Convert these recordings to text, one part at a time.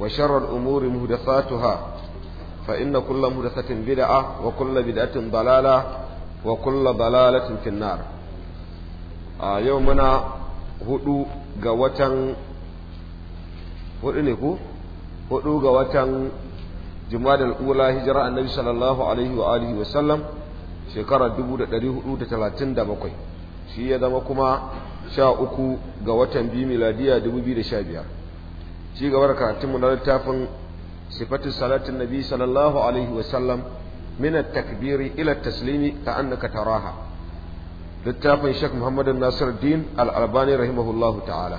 وشر الأمور مهدفاتها فإن كل مهدفة بدعة وكل بدعة ضلالة وكل ضلالة في النار آه يومنا هدو قوة هدو هدو قوة جمال الأولى هجرة النبي صلى الله عليه وآله وسلم شكرا دبو دريه هدو دتلاتين دبقي shi ya zama kuma sha uku ga watan biyu miladiya dubu biyu da sha biyar ci gaba da karatunmu na littafin sifatun salatin nabi sallallahu alaihi wasallam min takbiri ila taslimi ka annaka taraha littafin Sheikh Muhammadu Nasir Din Al-Albani rahimahullahu ta'ala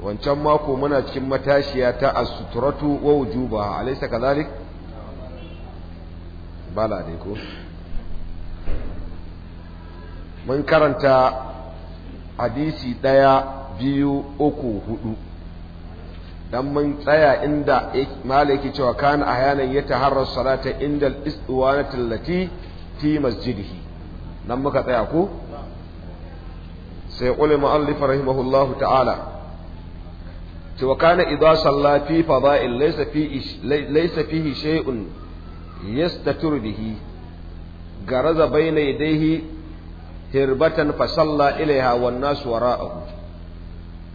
wancan mako muna cikin matashiya ta asuturatu wa wujubaha bala dai ko mun karanta hadisi daya biyu uku hudu dan mun tsaya inda malaki cewa kana ahyanan yataharrar salata inda al-istiwanati allati fi masjidihi nan muka tsaya ku? sai qul mu'allif rahimahullahu ta'ala cewa kana idza salla fi fada'il laysa fi laysa fihi shay'un yastatir bihi garaza bayna yadayhi hirbatan fa salla ilaiha wan nas wara'ahu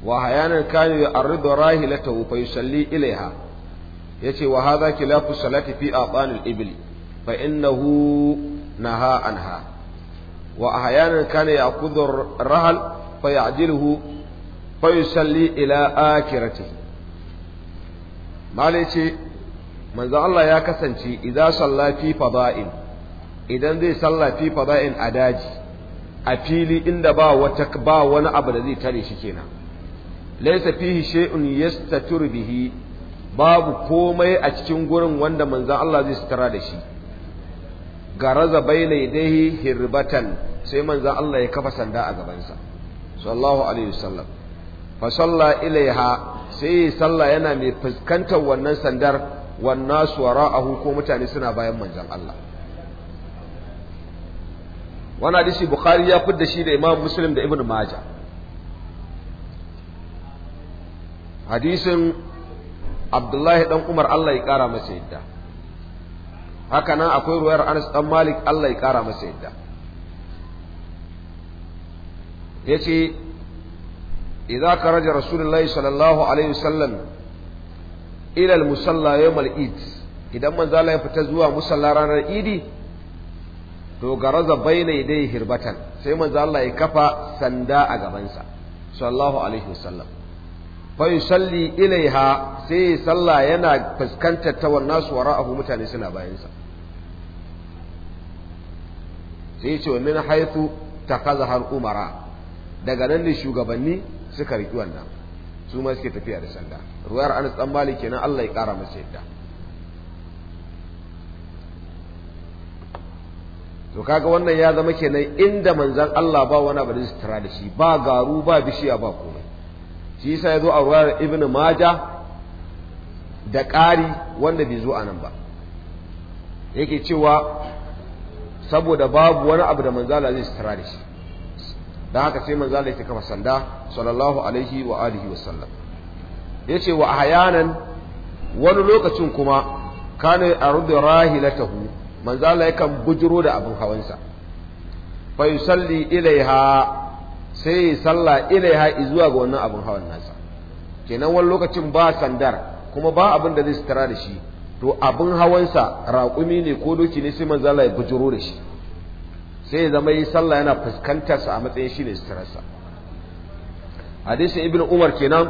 wa hayanan kanu ya arridu rahilatahu fa yusalli ilaiha yace wa hadha kilafu salati fi aqanil ibli fa innahu naha anha wa ahyanan kana ya'khudhu rahal fa ya'jiluhu fa yusalli ila akhiratihi malai ce manzo Allah ya kasance idza idan zai salla fi a daji a fili inda ba wani abu da zai tare shi kenan laysa fihi shay'un yastatur bihi babu komai a cikin gurin wanda manzon Allah zai sutura da shi garaza baina yadayhi hirbatan sai manzon Allah ya kafa sanda a gabansa sallallahu alaihi wasallam fa salla ilaiha sai salla yana mai fuskantar wannan sandar wannan su ko mutane suna bayan manzon Allah wannan hadisi bukhari ya fidda shi da imam muslim da ibnu majah hadisin abdullahi dan umar Allah ya kara masa yadda haka nan akwai ruwayar anas dan malik Allah ya kara masa yadda yace idza karaja rasulullahi sallallahu alaihi wasallam ila al-musalla yawm al-eid idan man Allah ya fita zuwa musalla ranar idi to garaza baina yadayhi hirbatan sai man Allah ya kafa sanda a gabansa sallallahu alaihi wasallam fai salli ilaiha sai sallah yana fuskantar ta wannan su a mutane suna bayansa sai ce min haitu ta kaza har umara daga nan ne shugabanni suka riƙi wannan su ma suke tafiya da sanda ruwayar anas dan malik kenan Allah ya ƙara masa yadda to kaga wannan ya zama kenan inda manzan Allah ba wani abu da su tara da shi ba garu ba bishiya ba komai shi sai ya zo a ruwayar ibnu maja da ƙari wanda bai zo a nan ba yake cewa saboda babu wani abu da manzala zai sutura da shi don haka sai manzala ya kafa sanda sallallahu alaihi wa alihi wa sallam ya ce wa ahyanan wani lokacin kuma kana ardu rahilatahu manzala yakan bujiro da abin hawansa fa yusalli ilaiha sai ya sallah ilaiha zuwa ga wannan abin hawan nasa kenan wani lokacin ba sandar kuma ba abin da zai sutura da shi to abin hawansa raƙumi ne ko doki ne sai manzo Allah ya bujuro da shi sai ya zama yi sallah yana fuskantar sa a matsayin shi ne suturarsa hadisin Ibn umar kenan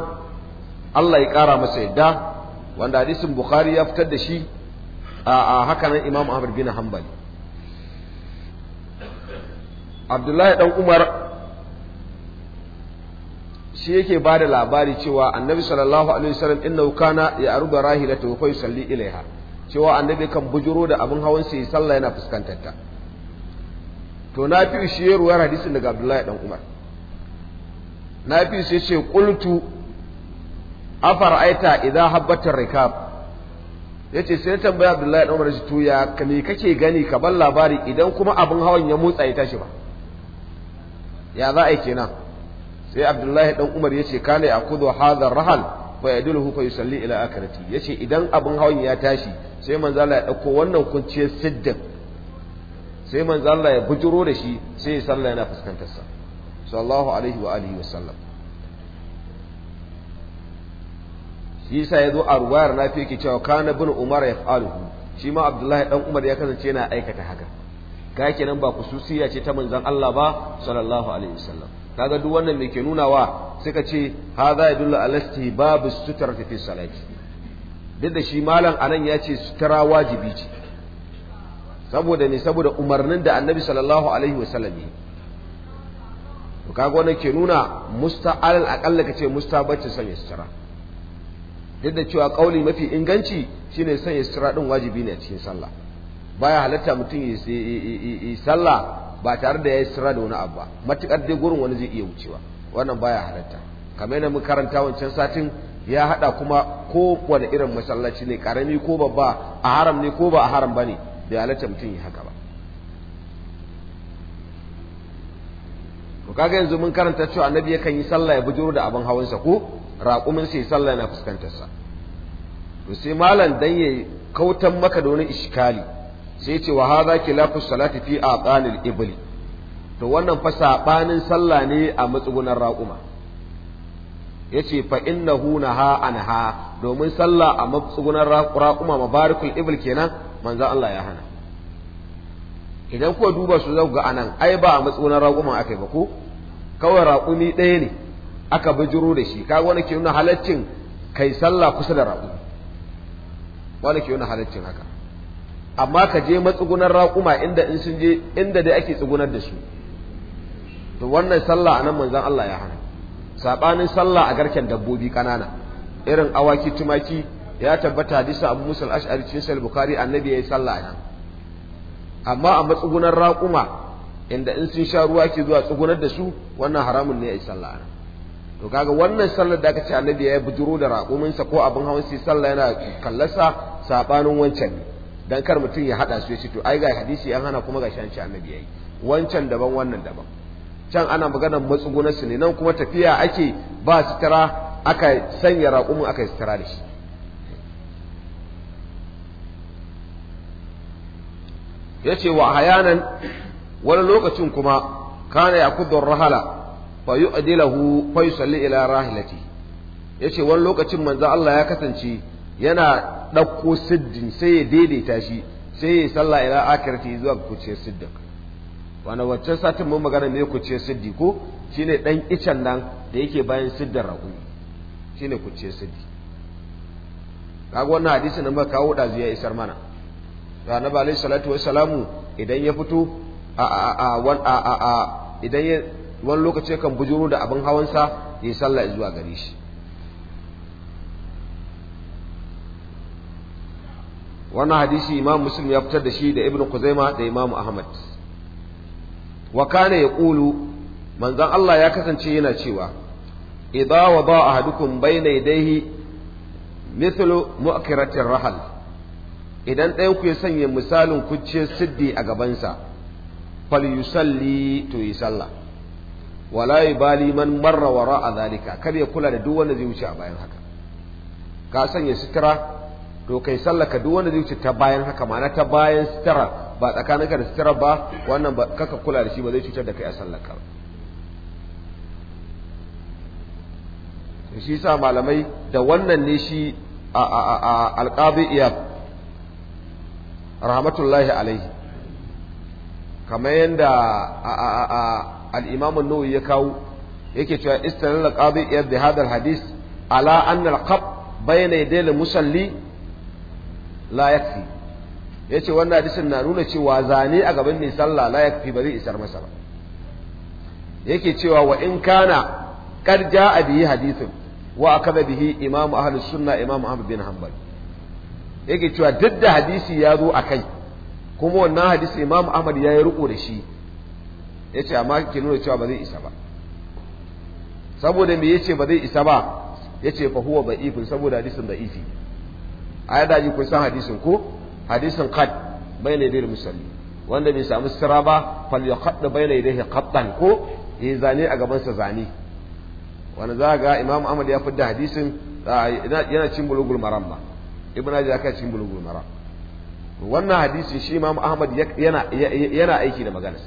Allah ya ƙara masa yadda wanda hadisin bukhari ya fitar da shi a hakanan imam ahmad bin hanbali abdullahi dan umar shi yake ba da labari cewa annabi sallallahu alaihi wasallam inna kana ya arba wa kai salli ilaiha cewa annabi kan bujuro da abin hawan sai sallah yana fuskantar ta to na fi shi ya ruwa hadisin daga Abdullahi dan Umar na fi sai ce qultu aita idza habbatar rikab yace sai tambaya Abdullahi dan Umar shi to ya kame kake gani ka bar labari idan kuma abin hawan ya motsa ya tashi ba ya za a yi kenan sai abdullahi dan umar yace kana yakudu hadha rahal fa yadulu fa yusalli ila akrati yace idan abin hawan ya tashi sai manzo Allah ya dauko wannan kunciyar siddiq sai manzo Allah ya bujuro da shi sai ya sallah yana fuskantar sa sallallahu alaihi wa alihi wa sallam shi ya yazo a ruwayar na yake cewa kana bin umar ya fa'alu shi ma abdullahi dan umar ya kasance yana aikata haka ga kenan ba kususiya ce ta manzon Allah ba sallallahu alaihi sallam. kaga duk wannan me ke nunawa sai ka ce hadha dulla babu babu sutra fi salati duk da shi malam anan ya ce sutura wajibi ce saboda ne saboda umarnin da annabi sallallahu alaihi wasallam yi kaga wannan ke nuna musta'al akalla kace musta'abacci sanya sutura duk da cewa kauli mafi inganci shine sanya sutura din wajibi ne a cikin sallah baya halatta mutum yi sallah ba tare da ya yi sira da wani abu ba matukar dai gurin wani zai iya wucewa wannan baya halarta kamar yana mun karanta wancan satin ya haɗa kuma ko wani irin masallaci ne karami ko babba a haram ne ko ba a haram bane bai halatta mutum yi haka ba to kaga yanzu mun karanta cewa annabi yakan yi sallah ya bujuro da abin hawansa ko raƙumin sai sallah na fuskantar sa to sai malam dan yayi kautan maka da wani iskali sai ce wa ki khilafu salati fi aqalil ibli to wannan fa sabanin sallah ne a matsugunan raquma yace fa innahu naha anha domin sallah a matsugunan raƙuma mabarikul ibl kenan manzo Allah ya hana idan kuwa duba su zau ga anan ai ba a matsugunan raquma akai ba ko kawai raƙumi ɗaya ne aka bijiro da shi kaga wani ke nuna halaccin kai sallah kusa da raƙumi wani ke nuna halaccin haka amma ka je matsugunan raƙuma inda in sun je inda dai ake tsugunar da su to wannan sallah a nan manzan Allah ya hana saɓanin sallah a garken dabbobi ƙanana, irin awaki tumaki ya tabbata hadisa Abu Musa al-Ash'ari cikin Sahih Bukhari annabi yi sallah nan amma a matsugunan raƙuma inda in sun sha ruwa ake zuwa tsugunar da su wannan haramun ne yi sallah anan to kaga wannan sallar da aka ce annabi ya budurro da raƙuminsa ko abin hawan sai sallah yana kallasa saɓanin wancan ne dan kar mutum ya hada su ya ce to ai ga hadisi an hana kuma shi an ci annabi yayi wancan daban wannan daban can ana magana matsugunar su ne nan kuma tafiya ake ba sutura aka sanya raƙumin aka sutura da shi ya ce wa hayanan wani lokacin kuma kana ya kudur rahala fa yu'dilahu fa yusalli ila rahilati yace wani lokacin manzo Allah ya kasance yana ɗauko siddin sai ya daidaita shi sai ya sallah ila akirti zuwa kuciyar siddin wani wacce satin mun magana ne kuciyar siddi ko shi ne ɗan icen nan da yake bayan siddin Shi ne kuciyar siddi kaga wannan hadisi na maka kawo ɗazu ya isar mana da annabi alaihi salatu wa Salamu idan ya fito a a a a idan ya wani lokaci kan bujuru da abin hawansa ya sallah zuwa gare shi wannan hadisi imam muslim ya fitar da shi da ibnu kuzaima da imam ahmad wa kana yaqulu manzon Allah ya kasance yana cewa idza wada ahadukum bayna yadayhi mithlu mu'kiratir rahal idan ɗayan ku ya sanya misalin kucciyar siddi a gabansa fal yusalli to yi sallah wala bali man marra wara a zalika kar ya kula da duk wanda zai wuce a bayan haka ka sanya sitira to kai sallaka duk wanda zai wuce ta bayan haka ma'ana ta bayan sitara ba tsakanin da sitara ba wannan ba kaka kula da shi ba zai cutar da kai a sallaka shi sa malamai da wannan ne shi a alƙabi iya rahmatullahi alaihi kamar yadda al'imamun nawawi ya kawo yake cewa istanar alƙabi iya da hadar hadis ala annal qab bayna yadayil musalli la yakfi yace wannan hadisin na nuna cewa zane a gaban mai sallah la yakfi ba zai isar masa ba yake cewa wa in kana kad jaa bihi hadithun wa akaba bihi imamu ahlus sunna imamu ahmad bin hanbal yake cewa duk da hadisi ya zo a kai kuma wannan hadisi imamu ahmad ya yi riko da shi yace amma ke nuna cewa ba zai isa ba saboda me yace ba zai isa ba yace fa huwa ba'ifun saboda hadisin da'ifi ai da ji kun san hadisin ko hadisin qad bayna yadayhi musalli wanda bai samu sira ba fal yaqad bayna yadayhi qattan ko yi eh, zane a gaban sa zane wanda za ga imam ahmad ya fidda hadisin yana cin bulugul maram ba ibn ajah ka cin bulugul maram wannan hadisi shi imam ahmad yana yana aiki da maganar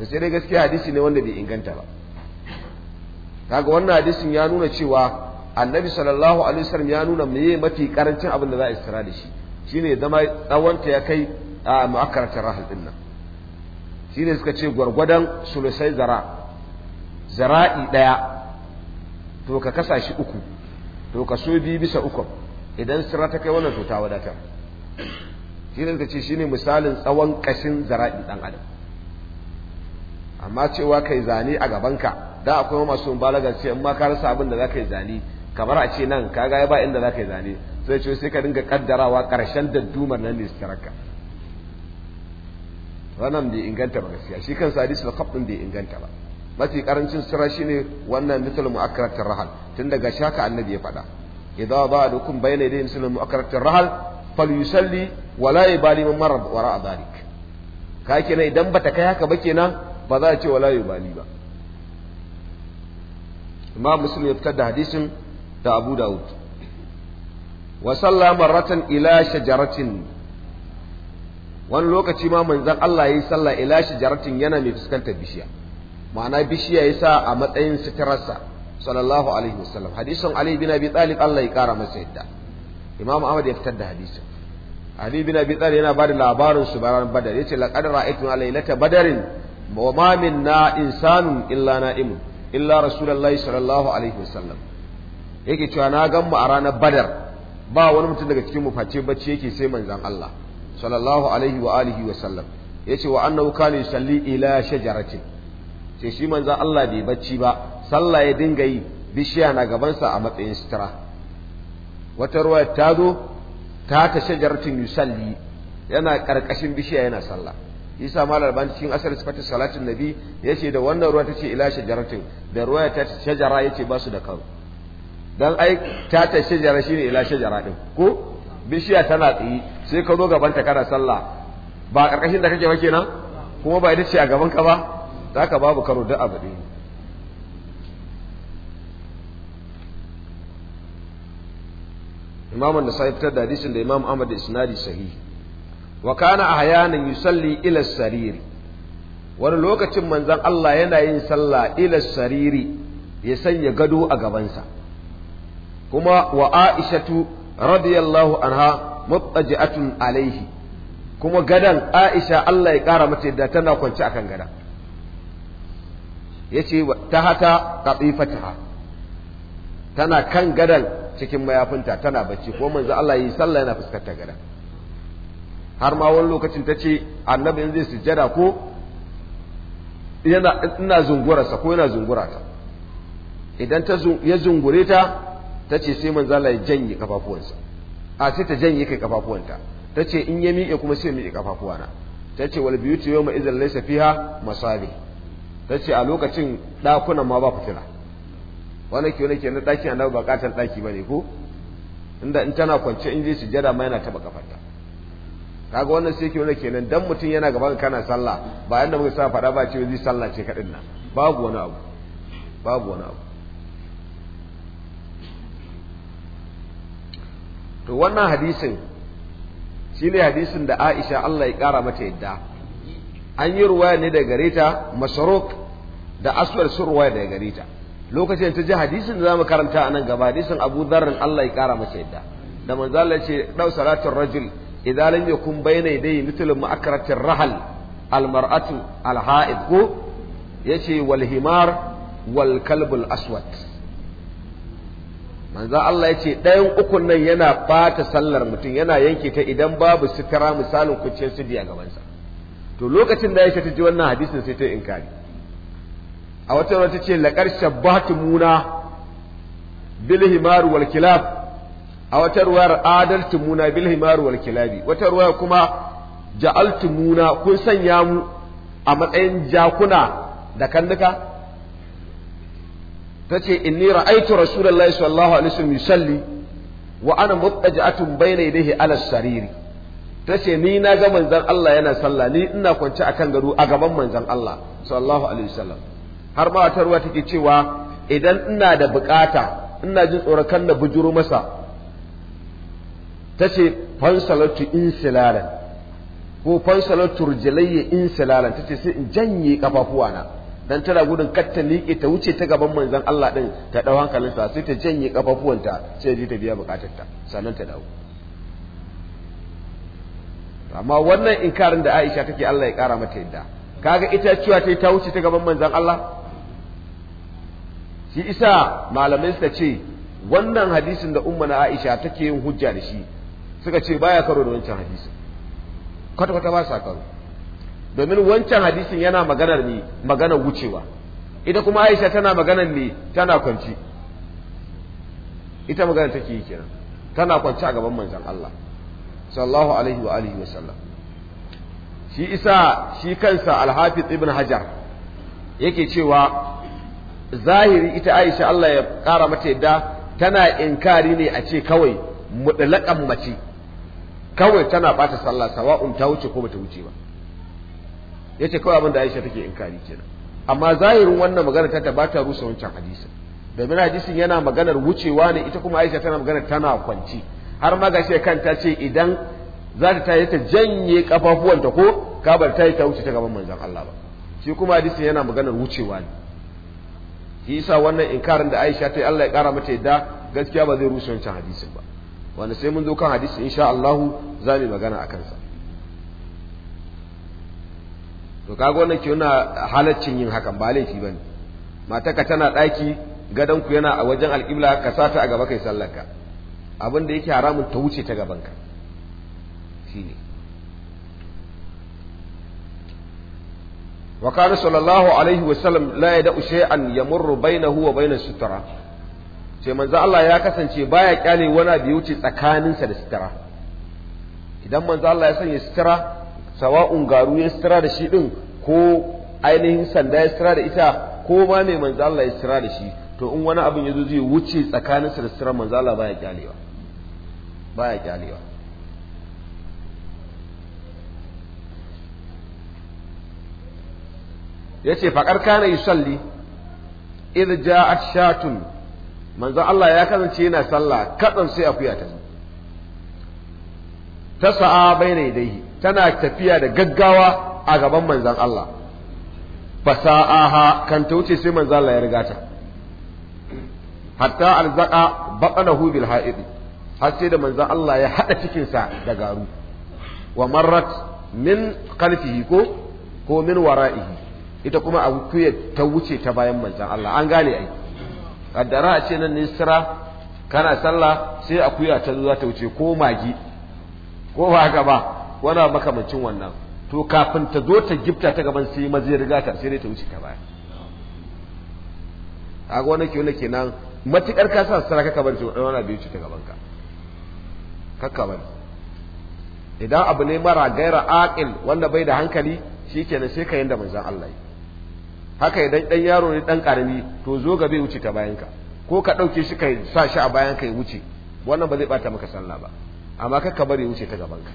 da sai dai gaskiya hadisi ne wanda bai inganta ba kaga wannan hadisin ya nuna cewa annabi sallallahu alaihi wasallam ya nuna meye mafi karancin abin da za a istira da shi shine zama tsawonta ya kai a mu'akkaratar rahal din nan shine suka ce gwargwadon sulusai zara zara'i daya to ka kasa shi uku to ka so biyu bisa uku idan sirra ta kai wannan to ta wadatar shine suka ce shine misalin tsawon kashin zara'i dan adam amma cewa kai zane a gabanka da akwai masu balagar ce in ma ka rasa abin da za ka yi zane kamar a ce nan kaga ya ba inda za ka yi zane sai ce sai ka dinga kaddarawa karshen dumar nan ne su taraka wannan bai inganta ba gaskiya shi kan hadisul khab kafin bai inganta ba mafi karancin sura shine wannan misal mu'akkaratir rahal tun daga shaka annabi ya faɗa idza ba'dukum bayna yaday misal mu'akkaratir rahal falyusalli wa la yabali man wa ra'a dhalik ka kenan idan bata kai haka ba kenan ba za a ce la yubali ba imam muslim ya fitar da hadisin da Abu Dawud wa salla marratan ila shajaratin wani lokaci ma manzon Allah yayi sallah ila shajaratin yana mai fuskantar bishiya ma'ana bishiya ya sa a matsayin sitirarsa sallallahu alaihi wasallam hadisin Ali bin Abi Talib Allah ya kara masa yadda Imam Ahmad ya fitar da hadisin Ali bin Abi Talib yana bada labarin su bayan Badar yace laqad ra'aytu laylata badarin wa ma minna insanun illa na'imun illa rasulullahi sallallahu alaihi wasallam yake cewa na gan mu a ranar badar ba wani mutum daga cikin mu bacci yake sai manzan Allah sallallahu alaihi wa alihi wa sallam yace wa annahu kana yusalli ila shajaratin sai shi manzan Allah bai bacci ba sallah ya dinga yi bishiya na gabansa a matsayin sutura wata ruwa ta zo ta ta shajaratin yusalli yana karkashin bishiya yana sallah isa malar ban cikin asar sifatin salatin nabi yace da wannan ruwa tace ila shajaratin da ruwa ta shajara yace ba su da karo dan ai ta ta shajara shine ila shajara din ko bishiya tana tsiyi sai ka zo gaban ta kana sallah ba karkashin da kake ba kenan kuma ba ita ce a gaban ka ba zaka babu karo da abu ne Imam an-Nasa'i fitar da hadisin da Imam Ahmad da isnadi sahih wa kana ahyanan yusalli ila sariri wani lokacin manzon Allah yana yin sallah ila sariri ya sanya gado a gabansa kuma wa aishatu radiyallahu anha muttaji'atun alaihi kuma gadan aisha Allah ya kara mata da tana kwance akan gada yace ta hata qatifataha tana kan gadan cikin mayafinta tana bacci ko manzo Allah yi sallah yana fuskantar gada har ma wani lokacin ta ce annabi in zai sujjada ko yana ina zungurarsa ko yana zungurata idan ta ya zungure ta ta ce sai manzo Allah ya janye kafafuwansa a sai ta janye kai kafafuwanta ta ce in ya miƙe kuma sai miƙe kafafuwana ta ce wal biyuti yawma idzal laysa fiha masabi ta ce a lokacin ɗakunan ma ba fitila wannan ke wani ke na ɗakin annabi ba katon ɗaki bane ko inda in tana kwance in je jada ma yana taba kafarta kaga wannan sai ke wani kenan dan mutum yana gaban kana sallah ba yanda muka sa faɗa ba ce zai sallah ce kaɗin nan babu wani abu babu wani abu to wannan hadisin shi ne hadisin da Aisha Allah ya kara mata yadda an yi ruwaya ne daga gare ta da aswar sun ruwaya daga gare ta lokacin ta ji hadisin da zamu karanta a nan gaba hadisin Abu Dharr Allah ya kara mata yadda da manzo Allah ce dau salatul rajul idza lam yakun bayna yadayhi mithlu ma'akaratir rahal almar'atu alha'id ko yace wal himar wal kalbul aswad manzo Allah yace ce ɗayan ukun nan yana bata sallar mutum yana yanke ta idan babu sukara misalin kucciyar sidi a gabansa to lokacin da Aisha ta ji wannan hadisin sai ta inkari a wata wata ta ce laqad shabbatumuna bil himar wal kilab a wata ruwayar adaltumuna bil himar wal kilabi wata ruwaya kuma ja'altumuna kun sanya mu a matsayin jakuna da kannuka tace inni ra'aytu rasulullahi sallallahu alaihi wasallam yusalli wa ana mutajatun bayna yadayhi ala sariri tace ni na ga manzon Allah yana sallah ni ina kwance akan gado a gaban manzon Allah sallallahu alaihi wasallam har ma ta ruwa take cewa idan ina da bukata ina jin tsoron kan na bujuro masa tace fansalatu insilalan ko "Fan fansalatu rijalayya insilalan tace sai in janye kafafuwana dan tana gudun kar ta liƙe ta wuce ta gaban manzon Allah din ta dau hankalinsa sai ta janye kafafuwanta sai ji ta biya bukatarta sannan ta dawo amma wannan inkarin da Aisha take Allah ya kara mata yadda kaga ita cewa ta ta wuce ta gaban manzon Allah shi isa malamai suka ce wannan hadisin da umma na Aisha take yin hujja da shi suka ce baya karo da wancan hadisin kwata kwata ba sa karo domin wancan hadisin yana maganar ne maganar wucewa ita kuma Aisha tana maganar ne tana kwanci ita maganar take yi kenan tana kwanci a gaban manzon Allah sallallahu alaihi wa alihi wa sallam shi isa shi kansa al-Hafiz Ibn Hajar yake cewa zahiri ita Aisha Allah ya kara mata yadda tana inkari ne a ce kawai mudlaqan mace kawai tana bata sallah sawa'un ta wuce ko bata wuce ba ya ce kawai abin da Aisha take inkari kenan amma zahirin wannan magana ta tabbata rusa wancan hadisin domin hadisin yana maganar wucewa ne ita kuma Aisha tana maganar tana kwanci har ma gashi kanta ce idan za ta tayi ta janye kafafuwanta ko kabar yi ta wuce ta gaban manzon Allah ba shi kuma hadisin yana maganar wucewa ne shi yasa wannan inkarin da Aisha ta yi Allah ya kara mata yadda gaskiya ba zai rusa wancan hadisin ba wanda sai mun zo kan hadisi insha Allah za mu magana akan sa to kaga wannan ke yana halaccin yin hakan ba laifi ba. bane mataka tana daki gadon ku yana a wajen alƙibla ka sata a gaba kai sallarka abin da yake haramun ta wuce ta gabanka ne wa kana sallallahu alaihi wa sallam la yad'u shay'an yamurru bainahu wa bainas sutura. sai manzo Allah ya kasance baya kyale wani da ya wuce tsakaninsa da sutura idan manzo Allah ya sanya sutura sawa'un garu ya sira da shi din ko ainihin sanda ya sira da ita ko ma mai manzo Allah ya sira da shi to in wani abin zo zai wuce tsakanin sa da sirar manzo Allah baya kyalewa baya kyalewa yace faqar kana yusalli idh ja'at shatun manzo Allah ya kasance yana sallah katsan sai akuya ta ta sa'a bayna tana tafiya da gaggawa a gaban manzan Allah fasa'aha kan ta wuce sai manzan Allah ya riga ta hatta alzaqa hu bil ha'idi har sai da manzan Allah ya hada cikinsa da garu wa marrat min khalfihi ko ko min wara'ihi ita kuma a kuya ta wuce ta bayan manzan Allah an gane ai kaddara a ce nan ne sira kana sallah sai akuya ta zo za ta wuce ko magi ko ba haka ba Wana makamancin wannan to kafin ta zo ta gifta ta gaban sai mazi riga ta sai dai ta wuce ta baya a ga wannan kenan nan matukar ka sa sara ka kabar ce wani bai wuce ta gaban ka kakka bari idan abu ne mara gaira aqil wanda bai da hankali shikenan sai ka yanda manzon Allah yi haka idan dan yaro ne dan karami to zo ga bai wuce ta bayan ka ko ka dauke shi kai sa shi a bayan ka ya wuce wannan ba zai bata maka sallah ba amma kakka bari wuce ta gaban ka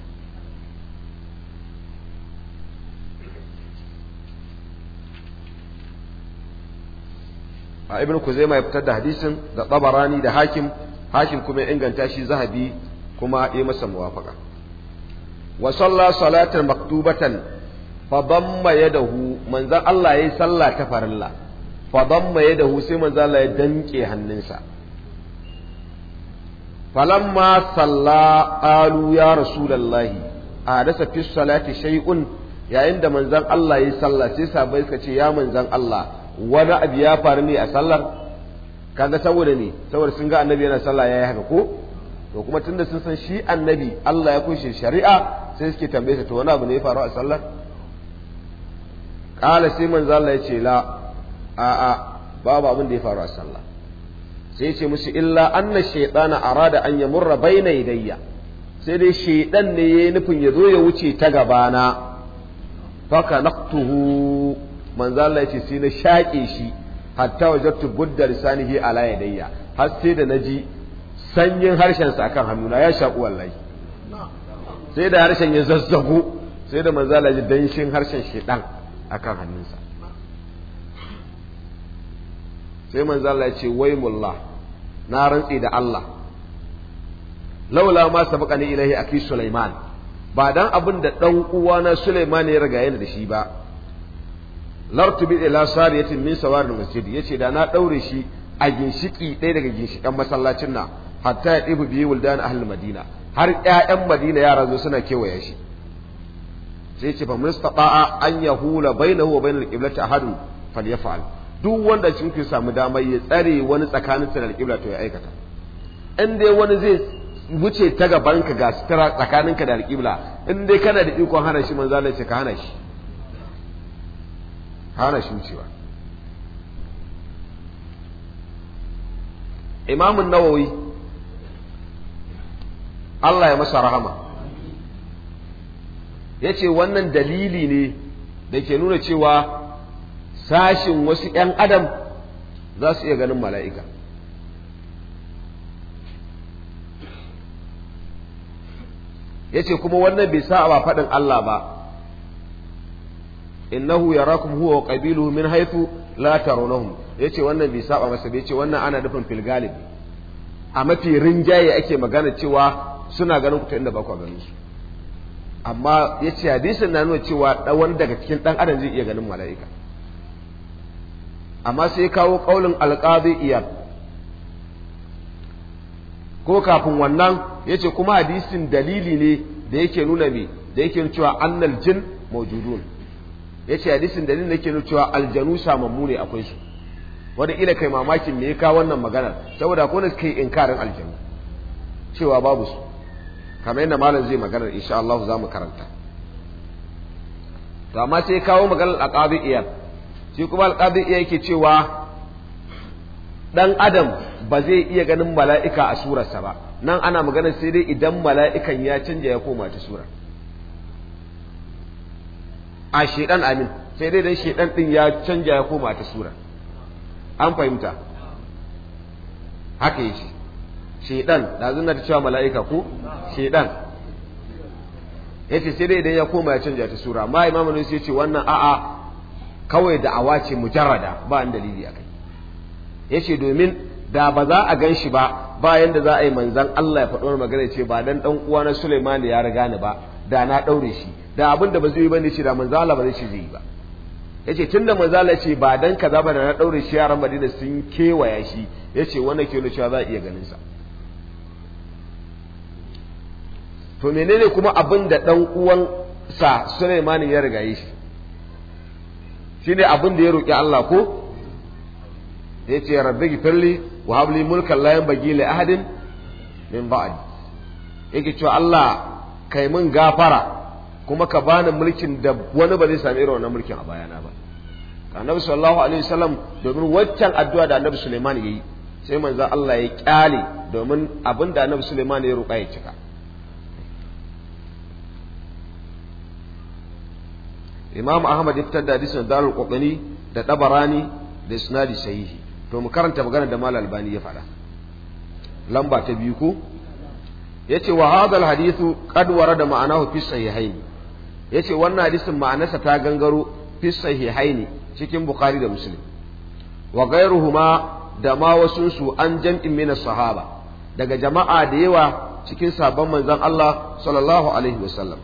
a ibn kuzaima ya fitar da hadisin da tabarani da hakim hakim kuma ya inganta shi zahabi kuma ya masa muwafaqa wa salla salatan maktubatan fa damma yadahu manzan Allah yayi sallah ta farilla fa damma yadahu sai manzan Allah ya danke hannunsa falamma salla qalu ya rasulullahi a dasa fi salati shay'un yayin da manzan Allah yayi sallah sai sabai suka ce ya manzan Allah wani abu ya faru ne a sallar kaga saboda ne saboda sun ga annabi yana sallah yi haka ko to kuma tunda sun san shi annabi Allah ya kunshi shari'a sai suke tambaye sa to wani abu ne ya faru a sallar kala sai manzo Allah ya ce la a a babu abin da ya faru a sallah sai ya ce musu illa anna shaytana arada an yamurra bayna yadayya sai dai shaydan ne yayi nufin ya zo ya wuce ta gabana faka naqtuhu manzo Allah yace sai na shaƙe shi hatta wajadtu budda lisanihi ala yadayya har sai da naji sanyin harshen sa akan hannuna ya shaƙu wallahi sai da harshen ya zazzago sai da manzo Allah ya ji danshin harshen shedan akan hannunsa sai manzo Allah ya ce mullah na rantsi da Allah laula ma sabaqani ilahi aki Sulaiman ba dan abin da dan uwana Sulaiman ya riga yana da shi ba bi ila sariyatin min sawar masjid yace da na daure shi a ginshiki ɗaya daga ginshikan masallacin na hatta ya ɗibu biyu wuldan ahlul madina har ƴaƴan madina yara zo suna kewaye shi sai ce fa mustafa an yahula bainahu wa bainal qiblati ahadu falyafal duk wanda cikin ku samu damar ya tsare wani tsakanin sa da alqibla to ya aikata in dai wani zai wuce ta gaban ka ga tsakaninka da alqibla in dai kana da ikon hana shi manzo Allah ce ka hana shi hana shi wucewa imamun nawawi Allah ya masa rahama ya ce wannan dalili ne da ke nuna cewa sashin wasu ‘yan adam za su iya ganin mala'ika ya ce kuma wannan bai sa ba faɗin Allah ba innahu yarakum huwa wa qabiluhu min haythu la tarunuhum yace wannan bai saba masa bai ce wannan ana nufin fil galib a mafi rinjaye ake magana cewa suna ganin ku ta inda ba ku ganin su amma yace hadisin na nuna cewa wani daga cikin dan adam zai iya ganin mala'ika amma sai kawo kaulin alqadi iyad ko kafin wannan yace kuma hadisin dalili ne da yake nuna me da yake nuna cewa annal jin mawjudun ya ce hadisin dalilin da ke nuna cewa aljanu samammu ne akwai su wani ila kai mamakin me ya kawo wannan maganar saboda ko ne suke inkarin aljanu cewa babu su kamar yadda malam zai maganar insha Allah za mu karanta to amma sai kawo maganar alqabi iya shi kuma alqabi iya yake cewa dan adam ba zai iya ganin mala'ika a surarsa ba nan ana maganar sai dai idan mala'ikan ya canja ya koma ta surar a shedan amin sai dai dan shedan din ya canja ya koma ta sura an fahimta haka yake shedan da zan ta cewa mala'ika ko shedan yace sai dai idan ya koma ya canja ta sura amma imamu ne sai ce wannan a'a kawai da awace mujarrada ba an dalili akai yace domin da ba za a gan shi ba bayan da za a yi manzan Allah ya faɗuwar magana ce ba dan ɗan uwa na Sulaiman ya riga ni ba da na ɗaure shi da abin da ba zai yi ba ne shi da manzala ba zai shi zai yi ba ce tun da manzala ce ba dan kaza ba da na ɗaure shi yaran Madina sun kewaya shi Ya ce wannan ke cewa za a iya ganin sa to menene kuma abin da dan uwan sa Sulaiman ya rigaye shi shine abin da ya roƙi Allah ko Ya ce rabbi gifirli wa habli mulkan layan bagi la ahadin min ba'di yake cewa Allah kai mun gafara kuma ka bani mulkin da wani ba zai sami irin wannan mulkin a bayana ba annabi sallallahu alaihi wasallam domin waccan addu'a da annabi Suleiman yayi sai manzo Allah ya kyale domin abin da annabi Suleiman ya roƙa ya cika Imam Ahmad ya fitar da hadisin dalil Qutni da Dabarani da isnadi sahihi to mu karanta magana da Mal Albani ya faɗa lamba ta biyu ko yace wa hadal hadithu qad warada ma'anahu fi sahihaini ya ce wannan hadisin ma'anarsa ta gangaro fi sahihaini cikin bukhari da muslim wa ghayruhuma da ma wasu su an jam'in min sahaba daga jama'a da yawa cikin sabon manzon Allah sallallahu alaihi wasallam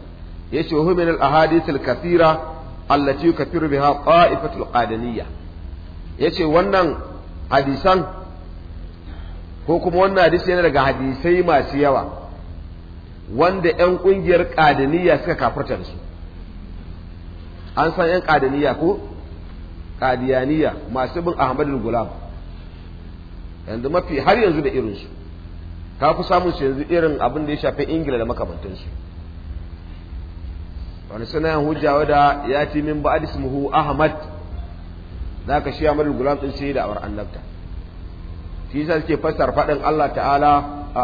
yace wa min al ahadith al kathira allati yukathiru biha qa'ifatul qadaniyya yace wannan hadisan ko kuma wannan hadisi yana daga hadisai masu yawa wanda 'yan ƙungiyar ƙadaniya suka kafarta da su an san yan qadaniya ko qadiyaniya masu bin ahmadul gulam yanzu mafi har yanzu da irinsu ka fi samun su yanzu irin abin da ya shafi ingila da makamantansu wani suna yan hujja wadda ya ci min ba'ad ismuhu ahmad za ka shi amadul gulam din sai da awar annabta shi sa suke fassara faɗin Allah ta'ala a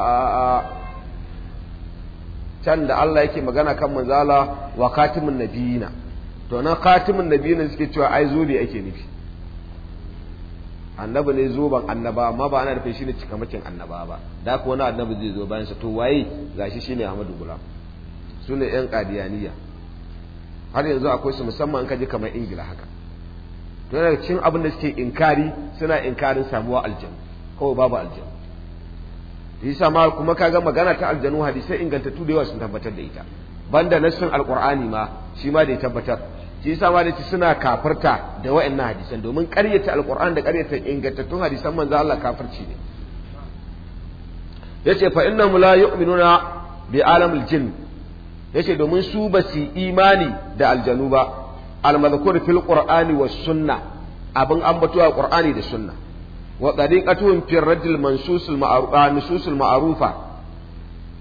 can da Allah yake magana kan manzala wa katimin nabiyina to na katimin nabi ne suke cewa ai ne ake nufi annabi ne ban annaba amma ba ana nufin shine cikamakin annaba ba da ku wani annabi zai zo bayan sa to waye gashi shine Ahmadu Gulam sune yan qadiyaniya har yanzu akwai su musamman an kaji kamar Ingila haka to daga cikin abin da suke inkari suna inkarin samuwa aljanna kawai babu aljanna yasa ma kuma kaga magana ta aljanu hadisai ingantattu da yawa sun tabbatar da ita banda nassin alqur'ani ma shi ma da ya tabbatar shi yasa suna kafarta da wa'annan hadisan domin ƙaryata alquran da ƙaryata ingantattun hadisan manzo Allah kafirci ne yace fa innahum la yu'minuna bi alamil jinn yace domin su ba su imani da aljanu ba almadhkur fil qur'ani was sunna abin ambato a qur'ani da sunna wa tariqatuhum fi raddil mansusul ma'rufa ma'rufa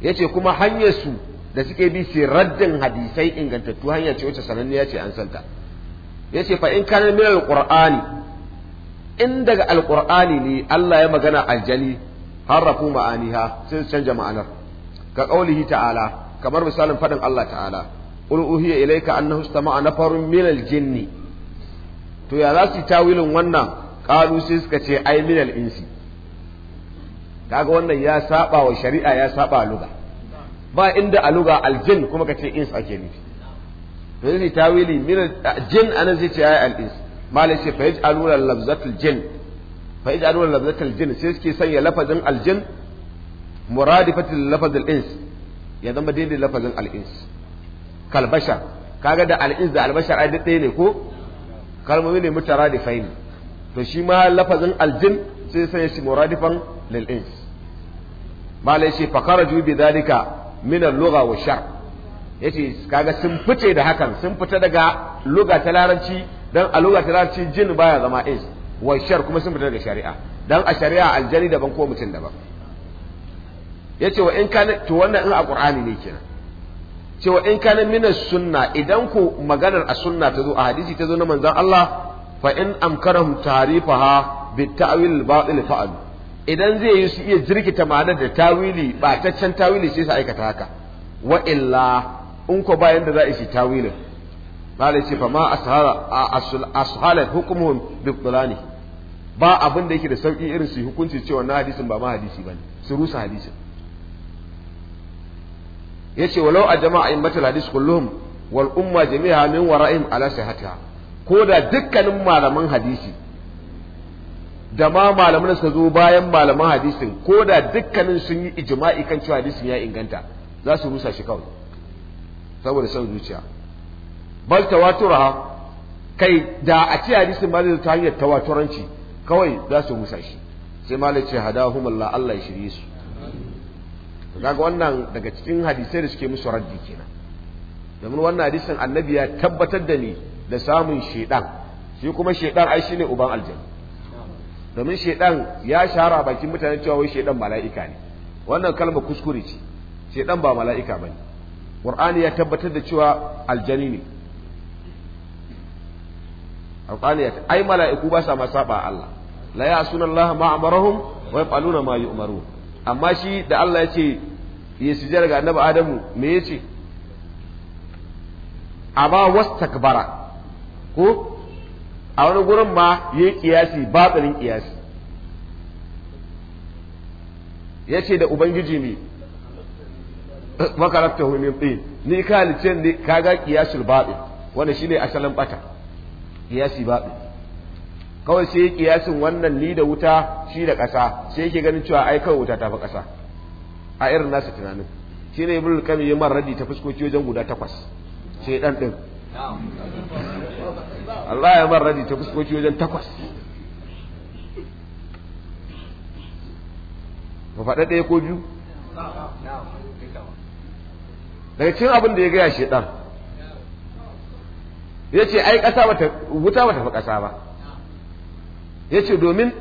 yace kuma hanyar su da suke bi sai raddin hadisai ingantattu hanya ce wacce sananniya ce an santa yace fa in kana min alqur'ani in daga alqur'ani ne Allah ya magana aljani harrafu ma'aniha sai su canja ma'anar ka qaulihi ta'ala kamar misalin fadin Allah ta'ala qul uhiya ilayka annahu istama'a nafarun min aljinni to ya za tawilin wannan qalu sai suka ce ai min al-insi kaga wannan ya saba wa shari'a ya saba lugha ba inda a luga aljin kuma ka ce ins ake nufi to ta wili min jin anan zai ce ya al ins malai ce fa yaj'aluna lafzatul jin fa yaj'aluna lafzatul jin sai suke sanya lafazin aljin muradifatul lafazul ins ya zama daidai lafazin al ins kalbashar kaga da al ins da albashar ai ɗaya ne ko kalmomi ne mutaradifai ne to shi ma lafazin aljin sai sanya shi muradifan lil ins malai ce fa kharaju bi dhalika min al-lugha wa shar yace kaga sun fice da hakan sun fita daga lugha ta larabci dan a lugha ta larabci jin baya zama is wa shar kuma sun fita daga shari'a dan a shari'a aljani daban ko mutum daban yace wa in kana to wannan in a qur'ani ne kenan cewa in kana min sunna idan ku maganar a sunna ta zo a hadisi ta zo na manzon Allah fa in amkarahum tarifaha bi ta'wil batil fa'alu idan zai yi su iya jirkita ma'anar da tawili ɓataccen tawili sai su aikata haka wa illa in ko bayan da za a yi tawilin bala ce fa ma ashala hukumun bi qulani ba abin da yake da sauki irin su hukunci cewa na hadisin ba ma hadisi bane su rusa hadisin yace walau a jama'a matal hadis kulluhum wal umma jami'a min wara'im ala sihhatiha ko da dukkanin malaman hadisi da ma malaman da suka zo bayan malaman hadisin ko da dukkanin sun yi ijma'i kan cewa hadisin ya inganta za su rusa shi kawai saboda son zuciya bal tawaturaha kai da a ce hadisin ba zai ta hanyar tawaturanci kawai za su rusa shi sai malai ce hadahum Allah Allah ya shirye su kaga wannan daga cikin hadisai da suke musu raddi kenan domin wannan hadisin annabi ya tabbatar da ni da samun shedan shi kuma shedan ai shine uban aljanna domin shaidan ya shahara bakin mutane cewa wai shaidan mala'ika ne wannan kalma kuskure ce shaidan ba mala'ika bane qur'ani ya tabbatar da cewa aljani ne alqur'ani ya ai mala'iku ba sa ma saba Allah la ya'suna Allah ma amarahum wa yaquluna ma yu'maru amma shi da Allah ya ce ya sujjar ga annabi Adamu me yace aba wastakbara ko a wani gurin ma yi kiyasi batsalin kiyasi ya ce da ubangiji ne makarabta hu min ni ka halice ne ga kiyasul batil wanda shi ne asalin bata kiyasi batil kawai sai kiyasin wannan ni da wuta shi da ƙasa sai yake ganin cewa ai kawai wuta ta fi ƙasa a irin nasa tunanin shine ibnul qayyim man marradi ta fuskoki wajen guda takwas sai dan din Allah ya bar radi ta fuskoki wajen takwas ba faɗa ɗaya ko biyu daga cin abin da ya gaya ɗan ya ce ai ƙasa bata wuta bata fi ƙasa ba ya ce domin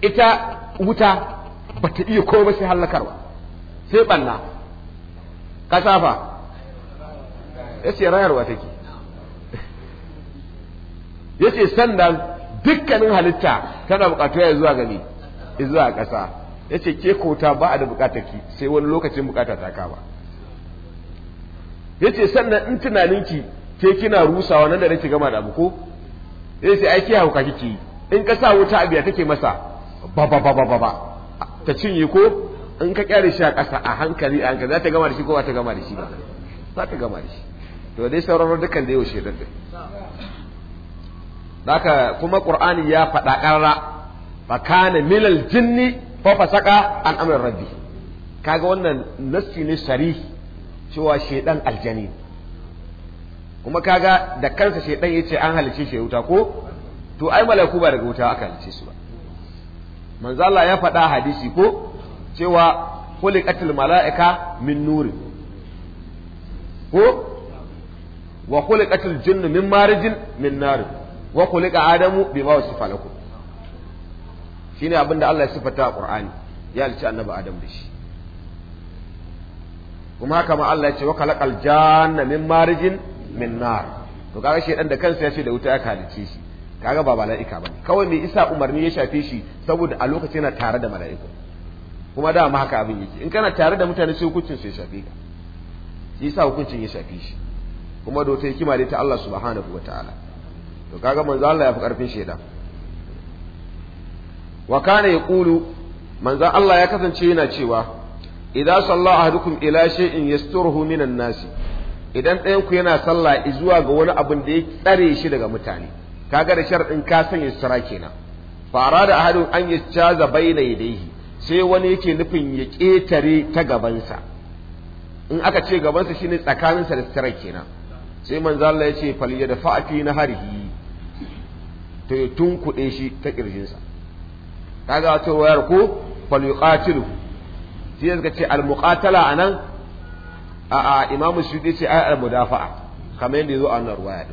ita wuta bata iya komai sai hallakarwa sai ɓanna ƙasa fa ya ce rayarwa take yace sannan dukkanin halitta tana bukatu ya zuwa gani zuwa ƙasa yace ke kota ba a da bukatar ki sai wani lokacin bukata ta kama yace sannan in tunaninki ke kina rusawa nan da nake gama da abu ko yace ai ke hauka kike yi in ka sa wuta abiya take masa ba ba ba ba ba ta cinye ko in ka kyare shi a ƙasa a hankali a hankali za ta gama da shi ko ba ta gama da shi ba za ta gama da shi to dai sauran dukkan da yau shedar da haka kuma qur'ani ya faɗa ƙarra fa kana milal jinni fa fasaka an amrin rabbi kaga wannan nassi ne sari cewa shedan aljani kuma kaga da kansa shedan yace an halice shi wuta ko to ai malaiku ba daga wuta aka halice su ba manzo Allah ya faɗa hadisi ko cewa khuliqatil mala'ika min nuri ko wa khuliqatil jinnu min marijin min nari wa kulika adamu bima wasifa lakum shine abinda Allah ya sifata a Qur'ani ya alci annabi Adam da shi kuma haka ma Allah ya ce wa khalaqal janna min marijin min nar to kaga dan da kansa ya ce da wuta ya kalice shi kaga ba mala'ika bane kawai me isa umarni ya shafe shi saboda a lokacin yana tare da mala'iku kuma da ma haka abin yake in kana tare da mutane sai hukuncin su ya shafe ka shi yasa hukuncin ya shafe shi kuma da wata hikima dai ta Allah subhanahu wataala to kaga manzo Allah ya fi karfin shaida. wa kana yaqulu manzo Allah ya kasance yana cewa idza salla ahadukum ila shay'in yasturuhu minan nasi idan ɗayan ku yana sallah zuwa ga wani abin da ya tsare shi daga mutane kaga da sharadin ka san yastura kenan fara da ahadun an yastaza baina yadayhi sai wani yake nufin ya ƙetare ta gabansa in aka ce gabansa shine tsakaninsa da sitara kenan sai manzo Allah ya ce fal yadfa fi naharihi to ya tunkuɗe shi ta ƙirjinsa Ta ga wata wayar ko fal shi ne suka ce al a anan a a imamu shudi ce ai al mudafa'a kamar yadda ya zo a wannan ruwaya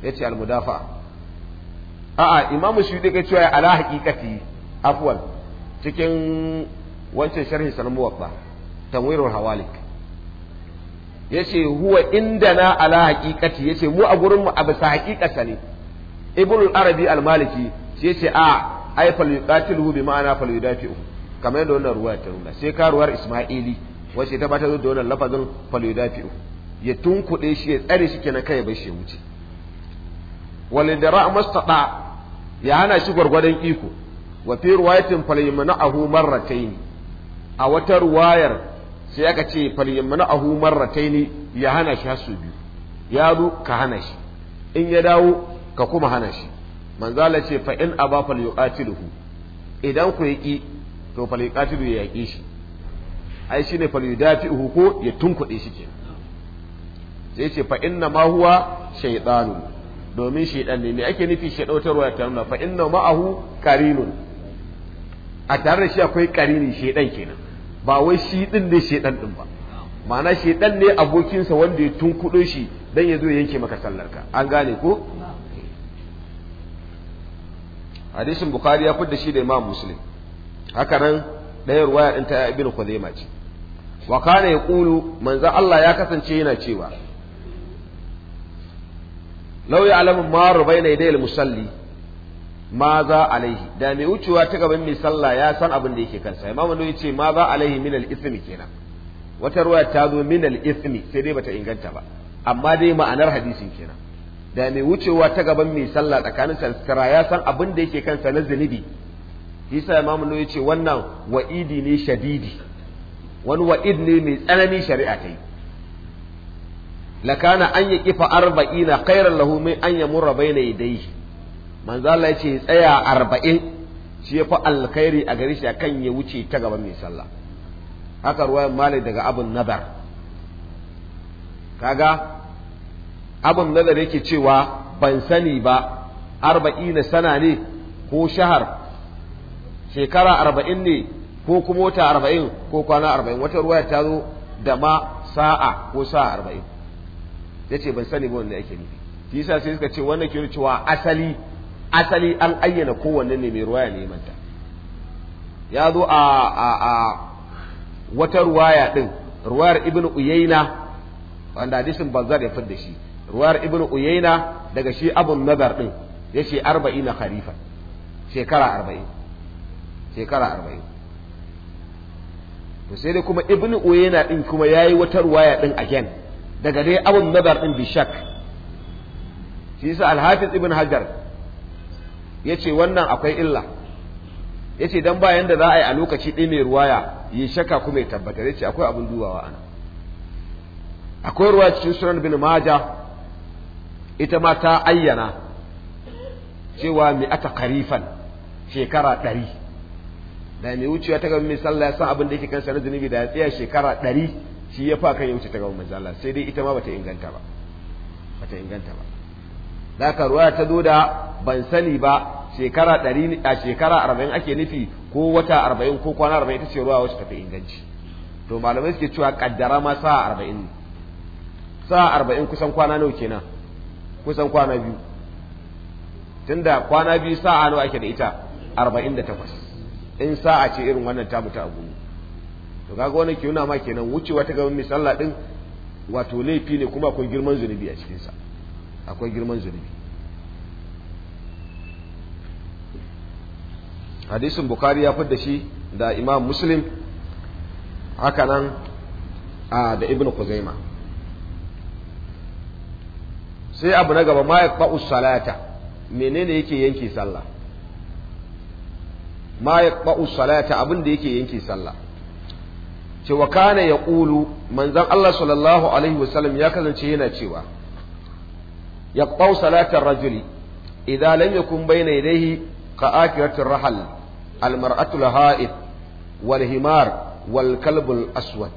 din ya al mudafa'a a a imamu shudi ke cewa ala haƙiƙati afwan cikin wancan sharhi sanamu wabba tanwirul hawalik ce huwa inda na ala Ya ce mu a gurinmu mu a bisa haqiqata ne al arabi al-maliki sai ce a ai fal yuqatiluhu bi ma'ana fal yudafi'u kamar yadda wannan ruwa ta nuna sai karuwar isma'ili wace ta bata da wannan lafazin fal yudafi'u ya tunkuɗe shi ya tsare shi kenan kai bai shi ya wuce wal mastata ya hana shi gwargwadon iko wa fi ruwayatin fal yumna'ahu marratayn a wata ruwayar sai aka ce fal yumna'ahu marratayn ya hana shi hasu biyu ya ka hana shi in ya dawo ka kuma hana shi manzala ce fa in aba fal yuqatiluhu idan ku yaki to fal yuqatilu ya yaki shi ai shine fal yudafihu ko ya tunkuɗe shi kenan sai ce fa inna ma huwa shaytanu domin shaydan ne me ake nufi wa ta nuna fa inna ma'ahu qarinun a tare da shi akwai qarini shaydan kenan ba wai shi din ne shaydan din ba ma'ana shaydan ne abokinsa wanda ya tunkuɗo shi dan ya zo yanke maka sallarka an gane ko hadisin bukari ya fidda shi da imam muslim haka nan ɗaya ruwaya ɗin ta ibn khuzaimah ce wa kana yaqulu manzo Allah ya kasance yana cewa law ya'lamu ma rubaina al musalli ma za alaihi da mai wucewa ta gaban mai sallah ya san abin da yake kansa imam ne yace ma za alaihi min al ismi kenan wata ruwa ta zo min al ismi sai dai bata inganta ba amma dai ma'anar hadisin kenan da mai wucewa ta gaban mai sallah tsakanin tara ya san abin da yake kansa na zunubi sai imamu ya yace wannan wa'idi ne shadidi wani wa'id ne mai tsanani shari'a ta yi lakana an yi kifa arba'ina khairan lahu min an yamurra baina yadayhi manzo Allah yace tsaya arba'in shi ya fi alkhairi a gare shi akan ya wuce ta gaban mai sallah haka ruwayan malik daga abun nadar kaga abin nazar yake cewa ban sani ba arba'ina sana ne ko shahar shekara arba'in ne ko kuma wata arba'in ko kwana arba'in wata ruwa ta zo da ma sa'a ko sa'a arba'in ya ce ban sani ba wanda ake nufi shi sai suka ce wannan ke cewa asali asali an ayyana kowanne ne mai ruwaya ne manta ya zo a wata ruwaya din ruwayar ibn uyaina wanda hadisin bazar ya da shi ruwar ibn uyayna daga shi abun nazar din yace 40 kharifa shekara 40 shekara 40 to sai dai kuma ibn uyayna din kuma yayi wata ruwaya din again daga dai abun nazar din bishak shi sa al-hafiz ibn hajar yace wannan akwai illa yace dan ba yanda za a yi a lokaci ɗaya mai ruwaya yi shaka kuma ya tabbatar yace akwai abun dubawa ana akwai ruwa cikin sunan bin majah ita ma ta ayyana cewa mi ata karifan shekara ɗari da mai wucewa ta gaban mai sallah ya san abin da yake kansa na zunubi da ya tsaya shekara ɗari shi ya fa kan ya wuce ta gaban mai sallah sai dai ita ma bata inganta ba bata inganta ba da ka ruwa ta zo da ban sani ba shekara ɗari a shekara arba'in ake nufi ko wata arba'in ko kwana arba'in ita ce ruwa wacce tafi inganci to malamai suke cewa kaddara ma sa arba'in sa arba'in kusan kwana nawa kenan kusan kwana biyu tunda kwana biyu sa'a nawa ake da ita arba'in da in sa'a ce irin wannan ta mutu a gumi to kaga wani ke ma kenan wucewa ta gaban misalla din wato laifi ne kuma akwai girman zunubi a cikinsa akwai girman zunubi hadisin bukari ya fidda shi da imam muslim haka nan da ibn kuzaima sai abu na gaba ma yaqta'u salata menene yake yanke sallah ma yaqta'u salata abin da yake yanke sallah cewa wa ya yaqulu manzon Allah sallallahu alaihi wasallam ya kasance yana cewa yaqta'u salatar rajuli idza lam yakun bayna yadayhi ka'akiratir rahal al mar'atu ha'id wal himar wal kalbul aswad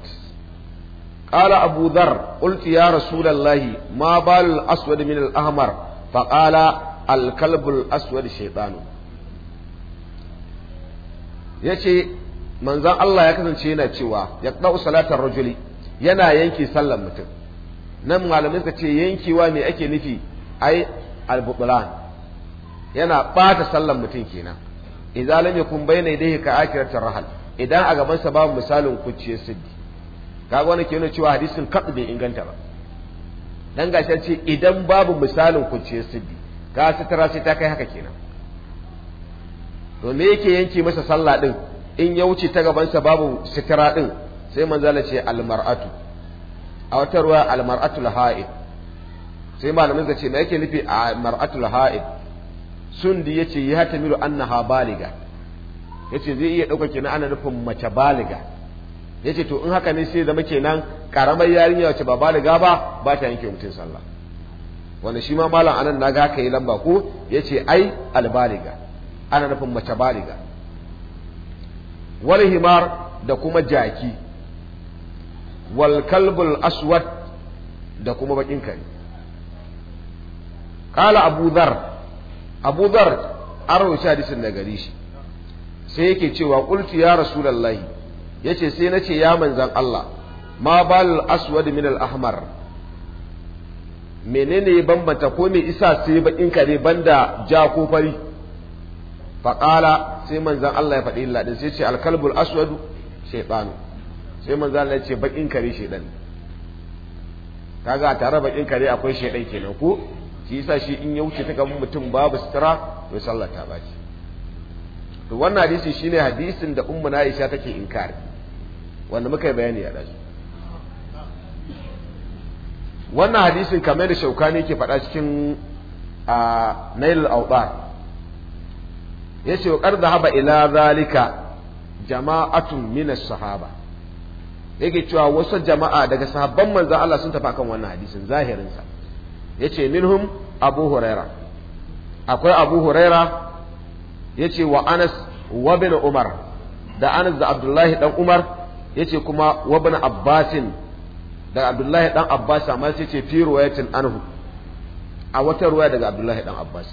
قال أبو ذر قلت يا رسول الله ما بال الأسود من الأحمر فقال الكلب الأسود شيطان yace Allah ya kasance yana cewa ya ɗau yana yanke sallar mutum nan malamai ce yankewa ne ake nufi ai albutulan yana ɓata sallar mutum kenan idza kun yakun bayna yadayhi ka akiratar rahal idan a gabansa babu misalin kuciyar siddi kaga wani ke nuna cewa hadisin katsu bai inganta ba dan gashi ce idan babu misalin kunciyar siddi ka sitara sai ta kai haka kenan to me yake yanke masa sallah din in ya wuce ta gabansa babu sitara din sai manzala ce almar'atu a wata ruwa almar'atul ha'id sai malamin ce me yake nufi a mar'atul ha'id sundi yace ya tamilu annaha baliga yace zai iya dauka kenan ana nufin mace baliga ya ce to in haka ne sai zama kenan karamar yarinya wace ba baliga ba ba ta yanke mutum sallah wanda shi ma malam anan na ga ka yi lamba ko ya ce ai albaliga ana nufin mace baliga wal himar da kuma jaki wal kalbul aswad da kuma bakin kare kala abu dhar abu dhar an rawaita hadisin da gari shi sai yake cewa qultu ya rasulullahi yace sai na ce ya manzan Allah ma balul aswad min al ahmar menene bambanta ko me isa sai bakin kare banda ja ko fari faqala sai manzan Allah ya faɗi illa din sai ce al kalbul aswad shaytan sai manzan Allah ya ce bakin kare shaytan kaga tare bakin kare akwai shaytan kenan ko shi isa shi in ya wuce ta ga mutum babu sutura to sallata ba shi to wannan hadisi shine hadisin da ummu Aisha take inkari wanda muka yi bayani a ɗazu wannan hadisin kamar da shauka ne ke faɗa cikin a nailul auba ya ce da haɓa ila zalika jama'atun minas sahaba yake cewa wasu jama'a daga sahabban manzan Allah sun tafi kan wannan hadisin zahirinsa ya ce minhum abu huraira akwai abu huraira ya ce wa anas wa umar da anas da abdullahi dan umar yace kuma wabna abbasin daga abdullahi dan abbas amma sai ce fi ruwayatin anhu a wata ruwaya daga abdullahi dan abbas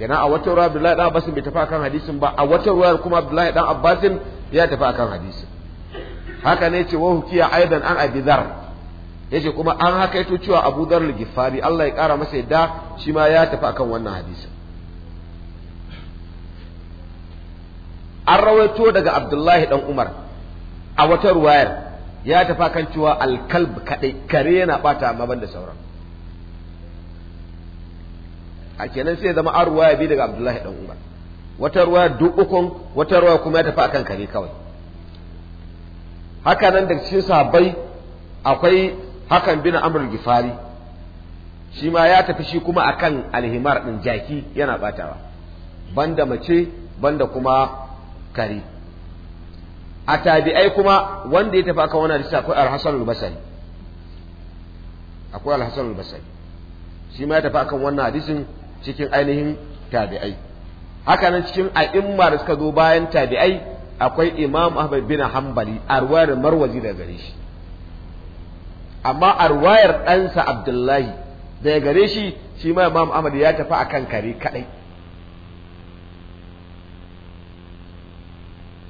kenan a wata ruwaya abdullahi dan abbas bai tafi akan hadisin ba a wata ruwaya kuma abdullahi dan abbas ya tafi akan hadisin haka ne ce wa hukiya aidan an abi dhar yace kuma an haka yato cewa abu dhar al Allah ya kara masa yadda shi ma ya tafi akan wannan hadisin an rawaito daga abdullahi dan umar a wata ruwayar ya tafa kan cewa alkalb kadai kare yana bata amma ban da sauran a kenan sai zama an ruwaya biyu daga abdullahi dan umar wata ruwaya duk ukun wata ruwaya kuma ya tafi akan kare kawai haka nan daga cikin sabai akwai hakan bin amr gifari shi ma ya tafi shi kuma akan alhimar ɗin jaki yana batawa banda mace banda kuma kare a tabi'ai kuma wanda ya tafi akan wannan hadisi akwai al-Hasan al-Basri akwai al-Hasan shi ma ya tafi akan wannan hadisin cikin ainihin tabi'ai haka nan cikin a'imma da suka zo bayan tabi'ai akwai Imam Ahmad bin Hanbali arwayar Marwazi daga gare shi amma arwayar ɗansa Abdullahi daga gare shi shi ma Imam Ahmad ya tafi akan kare kaɗai.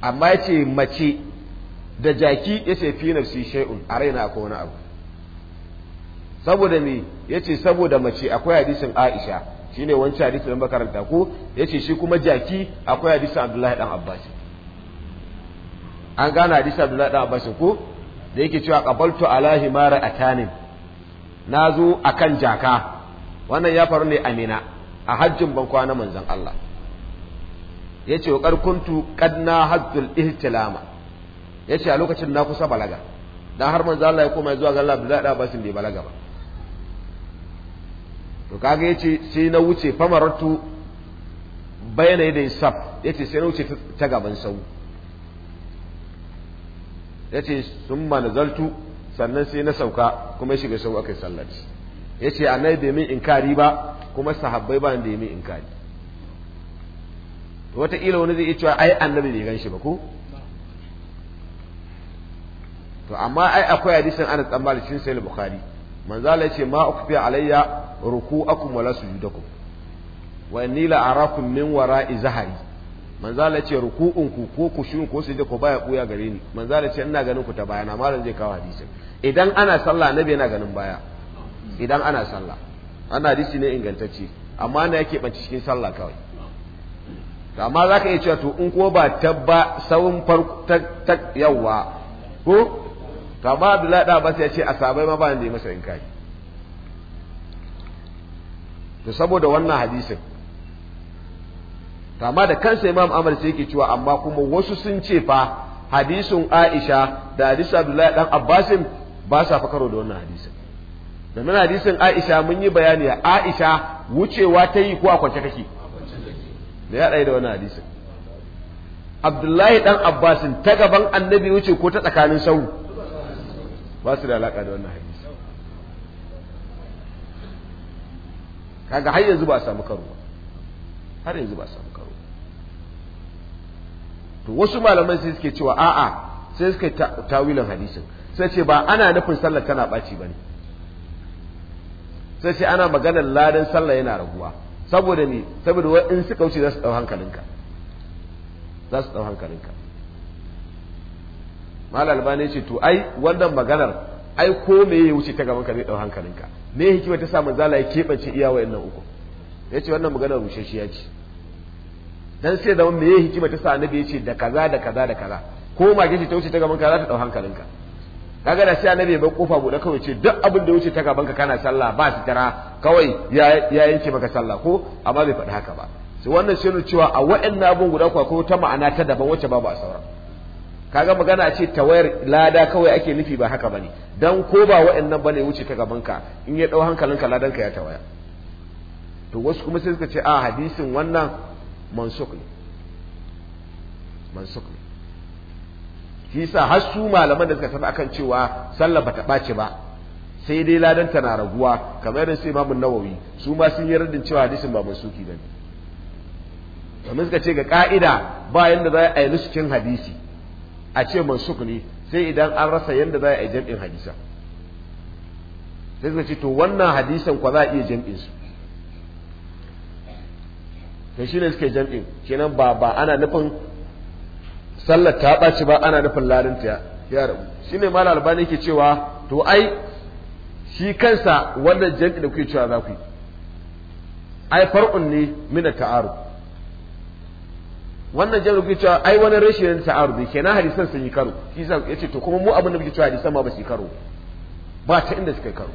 amma ya ce mace da jaki ya ce fi nafsi shay'un a raina akwai wani abu saboda me ya ce saboda mace akwai hadisin aisha shine wancan hadisin da makaranta ko ya ce shi kuma jaki akwai hadisin abdullahi dan abbas an gane hadisin abdullahi dan abbas ko da yake cewa qabaltu mara a atanin na zo akan jaka wannan ya faru ne amina a hajjin bankwa na manzon Allah yace wa karkuntu ƙadna nahadul ihtilama yace a lokacin na kusa balaga na har manzo Allah ya koma zuwa ga Allah Abdullahi da Abbasin bai balaga ba to kaga yace sai na wuce famarattu bayana sab ya yace sai na wuce ta gaban sau yace sun ma nazaltu sannan sai na sauka kuma ya shiga sau aka yi sallar yace nai bai min inkari ba kuma sahabbai ba da yi min inkari wataƙila wani zai iya cewa ai annabi bai gan shi ba ko to amma ai akwai hadisin Anas dan Malik cikin Sahih Bukhari manzo Allah yace ma ukfi alayya ruku'akum wala sujudakum wa inni la arakum min wara'i zahari manzo Allah yace ruku'un ku ko kushun ko sujud ko baya kuya gare ni manzo Allah yace ina ganin ku ta bayana malam zai kawo hadisin idan ana sallah annabi yana ganin baya idan ana sallah ana hadisi ne ingantacce amma na yake banci cikin sallah kawai amma za ka iya cewa to in ko ba tabba saurin farko ta yawa ko to amma abdullahi da ba ya ce a sabai ma ba ne masa kai to saboda wannan hadisin to amma da kansa imam amal sai yake cewa amma kuma wasu sun ce fa hadisin aisha da hadisin abdullahi dan abbasin ba sa fa karo da wannan hadisin domin hadisin aisha mun yi bayani aisha wucewa ta yi ko a kwance kake da ya da wani hadisi abdullahi dan abbasin ta gaban annabi wuce ko ta tsakanin sau ba su da alaka da wannan hadisi kaga har yanzu ba a samu karo har yanzu ba a samu karo to wasu malamai sai suke cewa a'a sai suka tawilin hadisin sai ce ba ana nufin sallar tana ɓaci ba ne sai ce ana maganar ladan sallah yana raguwa saboda ne saboda wa in suka wuce za su dau hankalinka za su dau hankalinka mal albani ce to ai wannan maganar ai ko me ya wuce ta gaban ka zai dau hankalinka me hikima ta sa manzala ya kebance iya yannan uku yace wannan maganar rusheshiya ce dan sai da me hikima ta sa annabi yace da kaza da kaza da kaza ko mage ce ta wuce ta gaban ka za ta dau hankalinka kaga da sai annabi bai kofa bude kawai ce duk abin da wuce ta gaban ka kana sallah ba su tara kawai ya yanke maka sallah ko amma bai faɗi haka ba sai wannan shi cewa a waɗannan abun guda kuwa ko ta ma'ana ta daban wacce babu a kaga magana ce ta wayar lada kawai ake nufi ba haka bane dan ko ba waɗannan bane wuce ta gaban ka in ya dau ka ladan ka ya tawaya to wasu kuma sai suka ce a hadisin wannan mansukh ne mansukh ne shi yasa har su malaman da suka tafi akan cewa sallah bata ɓace ba sai dai ladan tana raguwa kamar irin sai imamun nawawi su ma sun yi raddin cewa hadisin ba suki bane kamar suka ce ga ka'ida ba yanda za a yi nusukin hadisi a ce mansuk ne sai idan an rasa yanda za a yi jam'in hadisa sai suka ce to wannan hadisan kwa za a iya jam'in su to shi ne suke jam'in kenan ba ba ana nufin sallar ta ɓaci ba ana nufin larinta ya rabu shi ne mala albani ke cewa to ai shi kansa wannan jam'i da kuke cewa za ku yi ai far'un ne mina ta'aru wannan jam'i da kuke cewa ai wani rashi ne ta'aru ne kenan hadisan sun yi karo shi ya ce to kuma mu abin da muke cewa hadisan ma ba su yi karo ba ta inda suka yi karo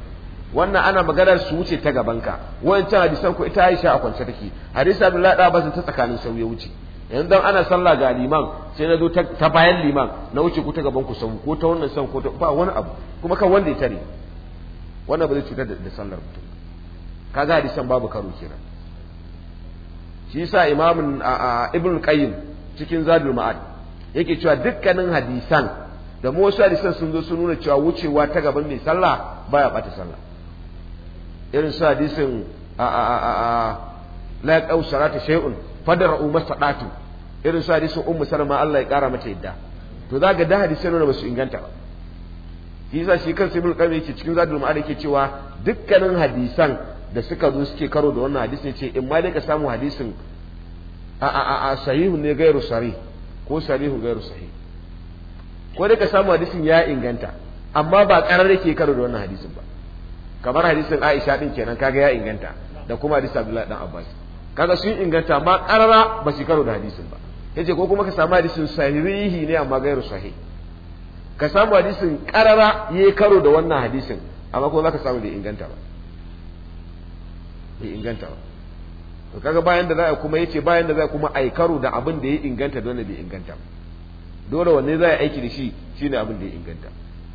wannan ana maganar su wuce ta gabanka wancan hadisan ko ita Aisha a kwance take hadisi Abdullahi da Abbas ta tsakanin sau ya wuce yanzu ana sallah ga liman sai na zo ta bayan liman na wuce ku ta gaban ku sabu ko ta wannan san ko ta ba wani abu kuma kan wanda ya tare wannan ba zai cutar da sallar mutum kaga hadisan babu karo kenan shi yasa imamun ibn qayyim cikin zadul ma'ad yake cewa dukkanin hadisan da mu wasu hadisan sun zo sun nuna cewa wucewa ta gaban mai sallah baya bata sallah irin su hadisin a a a a la yaqaw salata shay'un fadra'u masadatu irin su hadisin ummu salama Allah ya kara mata yadda to za ga da hadisan nuna ba su inganta ba shi yasa shi kan ibnu qayyim yake cikin zadul ma'ad yake cewa dukkanin hadisan da suka zo suke karo da wannan hadisin ce in ma dai ka samu hadisin a a a sahihu ne gairu sarih ko sahihu gairu sahih ko dai ka samu hadisin ya inganta amma ba karar yake karo da wannan hadisin ba kamar hadisin Aisha din kenan kaga ya inganta da kuma hadisin Abdullahi dan Abbas kaga sun inganta amma karara ba su karo da hadisin ba yace ko kuma ka samu hadisin sahihi ne amma gairu sahih ka samu hadisin karara ya karo da wannan hadisin amma kuma ka samu bai inganta ba bai inganta ba to kaga bayan da za a kuma yace bayan da za a kuma ai karo da abin da ya inganta da wanda bai inganta ba dole wanne za a aiki da shi shine abin da ya inganta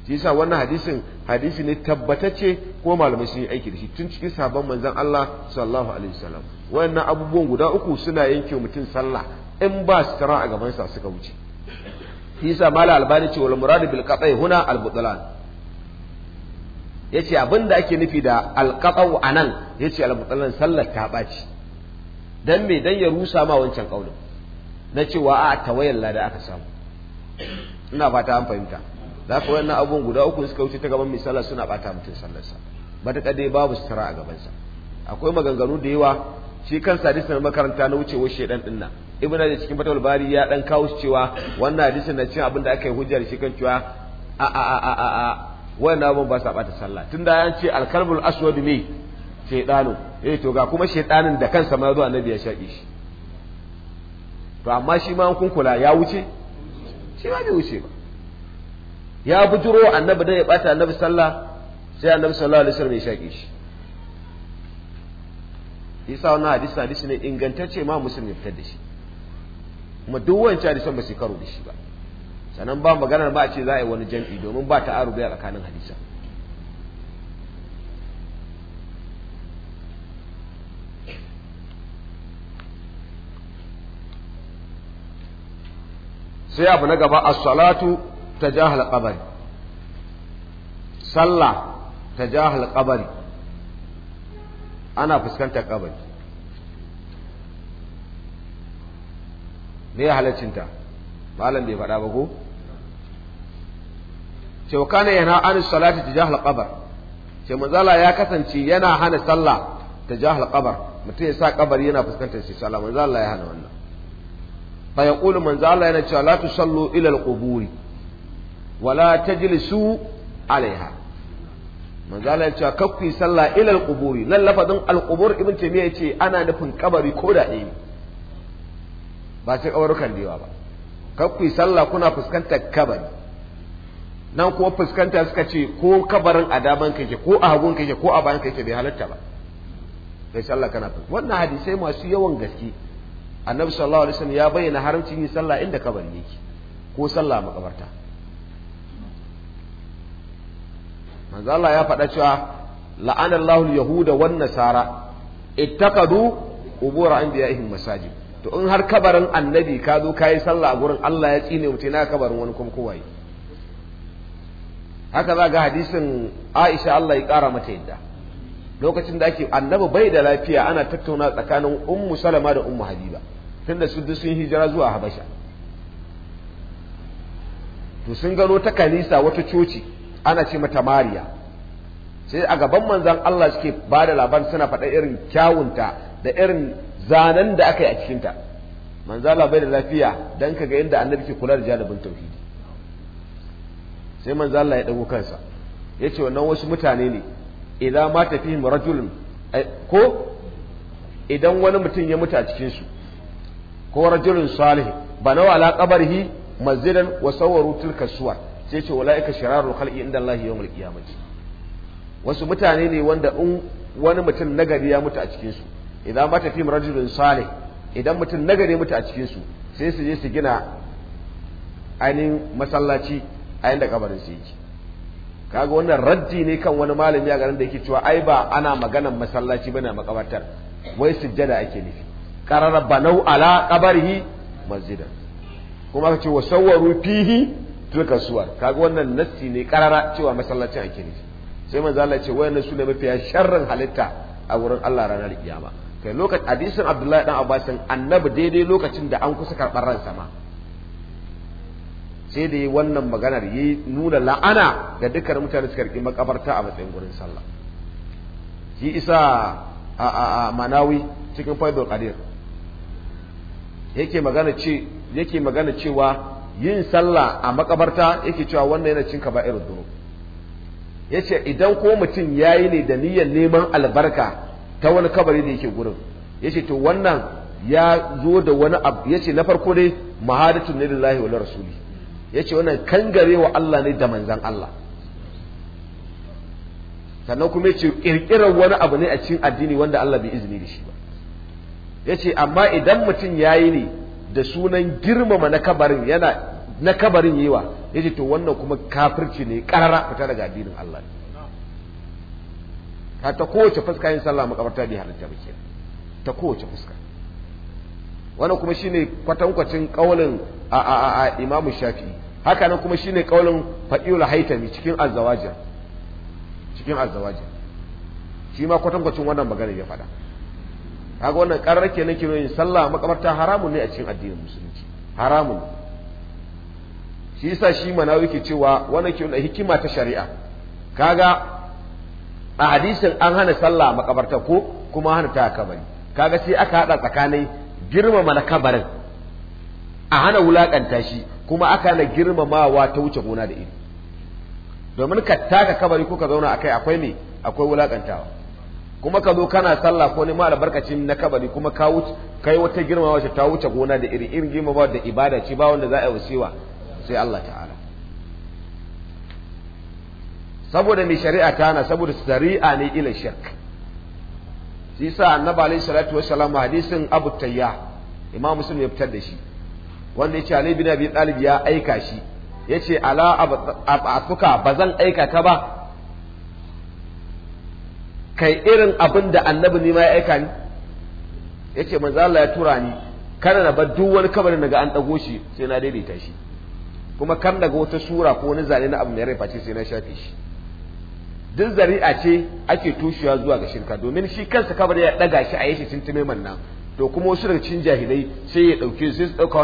shi yasa wannan hadisin hadisi ne tabbatacce ko malamai sun yi aiki da shi tun cikin sabon manzon Allah sallallahu alaihi wasallam wannan abubuwan guda uku suna yanke mutum sallah in ba sutura a gabansa suka wuce isa mala albani ce wal muradu bil qat'i huna al butlan yace abinda ake nufi da al qatau anan yace al butlan sallar ta baci dan me dan ya rusa ma wancan kaulin na cewa a tawayan da aka samu ina fata an fahimta za ka wannan abun guda uku suka wuce ta gaban misala suna bata mutum sallarsa ba ta kadai babu sutura a gabansa akwai maganganu da yawa shi kansa hadisin makaranta na wucewar shedan dinnan ibn da cikin fatawul bari ya dan kawo shi cewa wannan hadisin na cin abin da aka yi hujjar shi kan cewa a a a a a a wannan abin ba sa bata sallah tunda ya ce alkalbul aswad ne shaytanu eh to ga kuma shaytanin da kansa ma zuwa annabi ya shaƙi shi to amma shi ma an kula ya wuce shi ma bai wuce ba ya bujuro annabi dan ya bata annabi sallah sai annabi sallallahu alaihi wasallam ya shaƙi shi isa wannan hadisi hadisi ne ingantacce ma musulmi fitar da shi kuma duk wancan hadisan ba su karo da shi ba sannan ba maganar ba a ce za a yi wani jam'i domin ba ta arubai a tsakanin hadisa sai abu na gaba a salatu tajahal kabari sallah tajahal kabari ana fuskantar kabari. me ya halaccinta malam bai faɗa ba ko cewa kana yana an salati tijahal qabr ce manzala ya kasance yana hana sallah tijahal qabr mutum ya sa kabari yana fuskantar shi sallah manzala ya hana wannan fa yaqulu manzala yana cewa la tusallu ila al wa wala tajlisu alaiha Manzala ya cewa kakku sallah ila al-quburi nan lafazin al-qubur ibn taymiya yace ana nufin kabari ko da ɗaya ba sai kabarukan da yawa ba kar yi sallah kuna fuskantar kabari nan kuma fuskanta suka ce ko kabarin a daman kake ko a hagun kake ko a bayan kake bai halatta ba sai sallah kana fuskanta wannan hadisai masu yawan gaske annabi sallallahu alaihi wasallam ya bayyana haramcin yin sallah inda kabari yake ko sallah makabarta manzo Allah ya faɗa cewa la'anallahu al-yahuda wan nasara ittaqadu qubur anbiya'ihim masajid to in har kabarin annabi ka zo ka yi sallah a gurin Allah ya tsine mutum na kabarin wani kuma kowaye haka za ga hadisin Aisha Allah ya kara mata yadda lokacin da ake annabi bai da lafiya ana tattauna tsakanin ummu salama da ummu habiba tunda su sun hijira zuwa habasha to sun gano ta kanisa wata coci ana ce mata mariya sai a gaban manzan Allah suke ba da labar suna faɗa irin kyawunta da irin zanen da aka yi a cikinta manzala bai da lafiya don kaga inda annabi ke kula da jalibin tauhidi sai manzala ya dago kansa ya ce wannan wasu mutane ne idan ma tafihim rajulun ko idan wani mutum ya mutu a cikinsu ko rajulun salih ba nawa ala qabrihi masjidan wa sawaru tilka suwar sai ce walaika shirarul khalqi inda Allah yawmul qiyamah wasu mutane ne wanda in wani mutum nagari ya mutu a cikinsu idan mata fim rajulun salih idan mutum nagare mutu a cikin su sai su je su gina ainihin masallaci a yanda kabarin su yake kaga wannan raddi ne kan wani malami a garin da yake cewa ai ba ana maganan masallaci bane makabartar wai sujjada ake nufi qarara banau ala qabrihi masjidan kuma ka ce wa sawwaru fihi tilka suwar kaga wannan nassi ne qarara cewa masallacin ake nufi sai manzo Allah ya ce wayannan mafiya sharrin halitta a wurin Allah ranar kiyama kai lokacin hadisin abdullahi dan abbasin annabi daidai lokacin da an kusa karɓar ransa ma sai da yi wannan maganar yi nuna la'ana ga dukkan mutane suka riƙi makabarta a matsayin gurin sallah shi isa a manawi cikin faidul qadir yake magana ce yake magana cewa yin sallah a makabarta yake cewa wannan yana cin kaba'irud dunub yace idan ko mutum yayi ne da niyyar neman albarka ta wani kabari da yake gurin Ya ce to wannan ya zo da wani abu ya ce na farko dai mahadatun ne lillahi wa rasuli ce wannan wa Allah ne da manzan Allah sannan kuma ya ce ƙirƙirar wani abu ne a cikin addini wanda Allah bai izini da shi ba Ya ce amma idan mutum ya yi ne da sunan girmama na kabarin yana na kabarin yiwa yace to wannan kuma kafirci ne karara fita daga addinin Allah ne ka ta kowace fuska yin sallah makabarta bai halatta ba ke ta kowace fuska wannan kuma shine kwatankwacin kaulin a a a Imam Shafi, haka nan kuma shine kaulin Fadiul Haitami cikin Azawajir cikin Azawajir shi ma kwatankwacin wannan magana ya faɗa kaga wannan karar kenan kino yin sallah makabarta haramun ne a cikin addinin musulunci haramun shi yasa shi manawi ke cewa wannan ke hikima ta shari'a kaga a hadisin an hana sallah makabarta ko kuma hana ta kabari kaga sai aka hada tsakanin girmama na kabarin a hana wulakanta shi kuma aka hana girmamawa ta wuce gona da iri domin ka taka kabari ko ka zauna akai akwai ne akwai wulakantawa kuma ka zo kana sallah ko neman albarkacin na kabari kuma ka wuce kai wata girmamawa ta wuce gona da iri irin girmamawa da ibada ce ba wanda za a yi wasiwa, sai Allah ta'ala saboda mai shari'a ta na saboda shari'a ne ila shirk shi yasa annabi alaihi salatu wassalam hadisin abu tayya imam muslim ya fitar da shi wanda yace ali bin abi talib ya aika shi yace ala abatuka bazan aika ka ba kai irin abin da annabi ne ma ya aika ni yace manzo Allah ya tura ni kada na bar duk wani kabarin daga an dago shi sai na daidaita shi kuma kan daga wata sura ko wani zane na abu mai rai face sai na shafe shi duk zari'a ce ake tushewa zuwa ga shirka domin shi kansa kabari ya daga shi a yashi tuntume nan to kuma wasu daga cikin jahilai sai ya dauke sai su dauka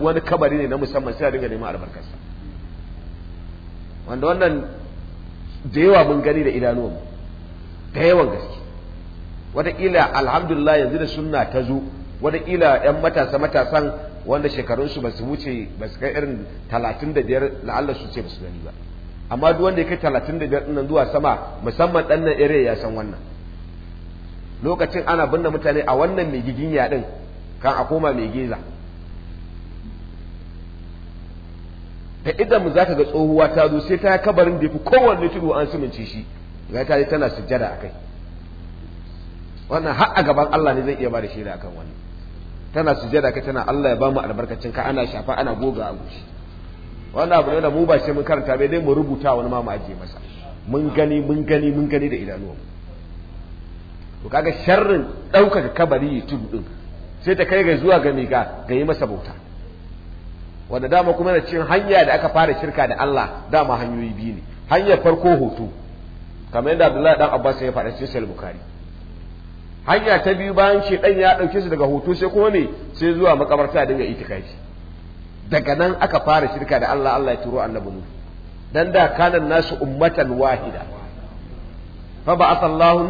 wani kabari ne na musamman sai a dinga neman albarkarsa wanda wannan da yawa mun gani da idanuwanmu da yawan gaske wataƙila alhamdulillah yanzu da sunna ta zo wataƙila 'yan matasa matasan wanda shekarunsu ba su wuce ba su kai irin talatin da biyar la'allar su ce ba su gani ba amma duk wanda ya kai talatin da biyar nan zuwa sama musamman dan nan ya san wannan lokacin ana binne mutane a wannan mai giginya din kan a koma mai geza da idan mu zaka ga tsohuwa ta zo sai ta kabarin da fi kowanne tudu an sumince shi ga ta tana sujjada akai wannan har a gaban Allah ne zai iya ba da shaida akan wannan tana sujjada kai tana Allah ya ba mu albarkacin ka ana shafa ana goga a gushi wannan abu ne da mu ba shi mun karanta bai dai mu rubuta wani ma mu aje masa mun gani mun gani mun gani da idanuwa to kaga sharrin ɗaukaka kabari tudu din sai ta kai ga zuwa ga miga ga yi masa bauta wanda dama kuma na cin hanya da aka fara shirka da Allah dama hanyoyi biyu ne hanyar farko hoto kamar yadda Abdullahi dan Abbas ya faɗa cikin Sahih Bukhari hanya ta biyu bayan shi dan ya dauke su daga hoto sai kuma ne sai zuwa makabarta dinga itikafi daga nan aka fara shirka da Allah Allah ya turo annabi Nuhu dan da kanan nasu ummatan wahida fa ba'atha Allahu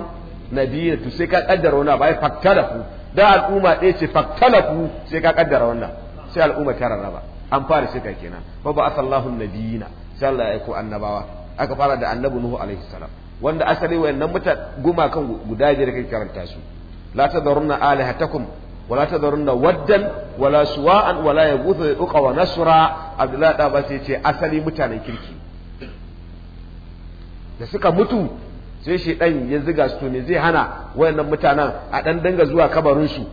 nabiyya to sai ka kaddara wannan bai faktalafu da al'umma ɗaya ce faktalafu sai ka kaddara wannan sai al'umma ta rarraba an fara shirka kenan fa ba'atha Allahu nabiyina sai Allah ya aiko annabawa aka fara da annabi Nuhu alaihi salam wanda asali wayannan mutan gumakan guda biyar kai karanta su la tadarunna alihatakum wala ta tadharunna waddan wala suwa'an wala ya yuqa wa nasra abdullahi da ba sai ce asali mutanen kirki da suka mutu sai shedan ya ziga su to zai hana wayannan mutanen a dan danga zuwa kabarin su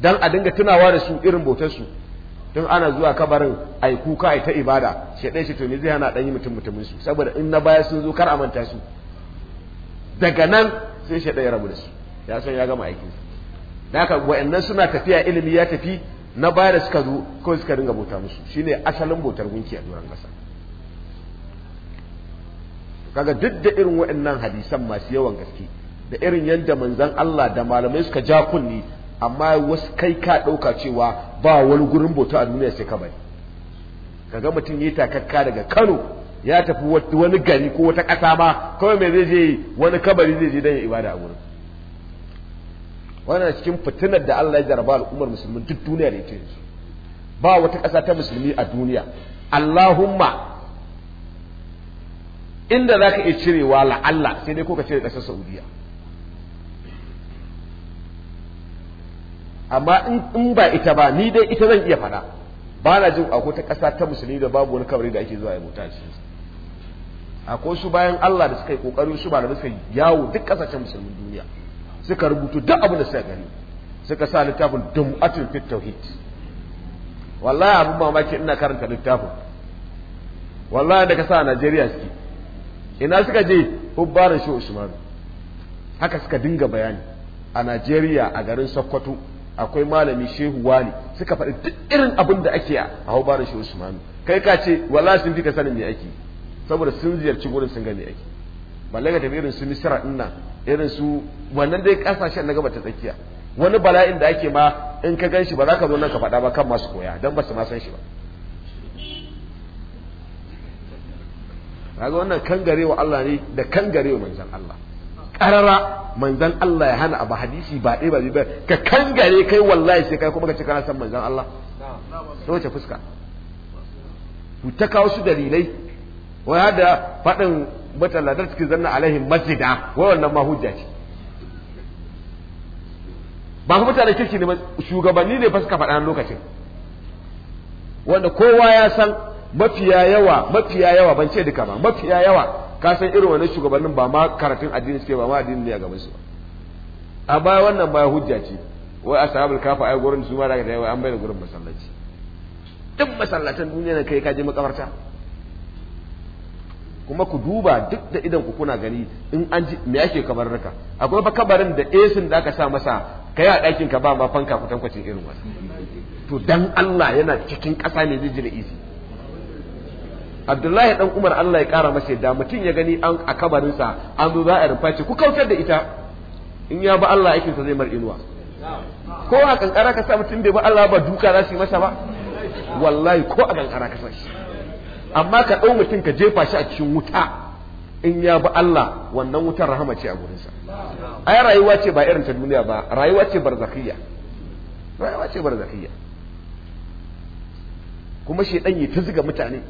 dan a dinga tunawa da su irin bautar su don ana zuwa kabarin ai kuka ai ta ibada shedan shi to me zai hana dan yi mutum mutumin su saboda in na baya sun zo kar a manta su daga nan sai shedan ya rabu da su ya san ya gama aikinsa da haka wa'annan suna tafiya ilimi ya tafi na baya da suka zo kawai suka dinga bauta musu shine asalin bautar gunki a duran ƙasa kaga duk da irin wa'annan hadisan masu yawan gaske da irin yadda manzan Allah da malamai suka ja kunni amma wasu kai ka ɗauka cewa ba wani gurin bauta a duniya sai ka bari kaga mutum ya yi takakka daga Kano ya tafi wani gari ko wata ƙasa ma kawai mai zai je wani kabari zai je dan ya ibada a wurin wannan cikin fitinar da Allah ya jaraba al'ummar musulmin duk duniya da ita yanzu ba wata ƙasa ta musulmi a duniya Allahumma inda za ka iya cirewa la'alla sai dai ko ka cire ƙasar Saudiya amma in ba ita ba ni dai ita zan iya faɗa ba na jin akwai ta ƙasa ta musulmi da babu wani kabari da ake zuwa ya mutu shi akwai su bayan Allah da suka yi ƙoƙari su ba da suka yawo duk ƙasashen musulmin duniya suka rubutu duk abin da suka gani suka sa littafin dum'atul fit tauhid wallahi abin mamaki ina karanta littafin wallahi da ka sa a Najeriya suke ina suka je hubbar shi Usman haka suka dinga bayani a Najeriya a garin Sokoto akwai malami Shehu Wali suka faɗi duk irin abin da ake a hubbar shi Usman kai ka ce wallahi sun fi ka sanin me ake saboda sun ziyarci gurin sun ga me ake balaga da irin su misira nan irin su wannan dai kasashen na gaba ta tsakiya wani bala'in da ake ma in ka gan shi ba za ka zo nan ka faɗa ba kan masu koya don ba su ma san shi ba kaga wannan kangarewa Allah ne da kangarewa manzan Allah karara manzan Allah ya hana abu hadisi ba dai ba biyu ba ka kangare kai wallahi sai kai kuma ka ce kana san manzan Allah ta wace fuska ku ta kawo su dalilai waya da faɗin mata la taski zanna alaihim masjida wai wannan ma hujja ce ba ku mutane kirki ne shugabanni ne ba suka faɗa lokacin wanda kowa ya san mafiya yawa mafiya yawa ban ce duka ba mafiya yawa ka san irin wannan shugabannin ba ma karatun addini suke ba ma addini ne a gaban su A baya wannan ba hujja ce wai ashabul kafa ai gurin su ma daga da an bai da gurin masallaci duk masallatan duniya ne kai ka je makabarta kuma ku duba duk da idan ku kuna gani in an ji me kamar raka. akwai fa kabarin da esin da aka sa masa kai a ɗakin ka ba ma fanka ku kwatankwacin irin wasa. to dan Allah yana cikin ƙasa ne zai ji da isi Abdullahi dan Umar Allah ya kara masa da mutum ya gani an a kabarinsa an zo za a rufa ku kautar da ita in ya ba Allah aikinsa zai mar inuwa ko a kankara ka sa mutum bai ba Allah ba duka za su masa ba wallahi ko a kankara ka sa shi amma ka ɗau mutum ka jefa shi a cikin wuta in ya bi Allah wannan wutar rahama ce a gurinsa ai rayuwa ce ba irin ta duniya ba rayuwa ce barzakhiyya rayuwa ce barzakhiyya kuma shedan ya ta zuga mutane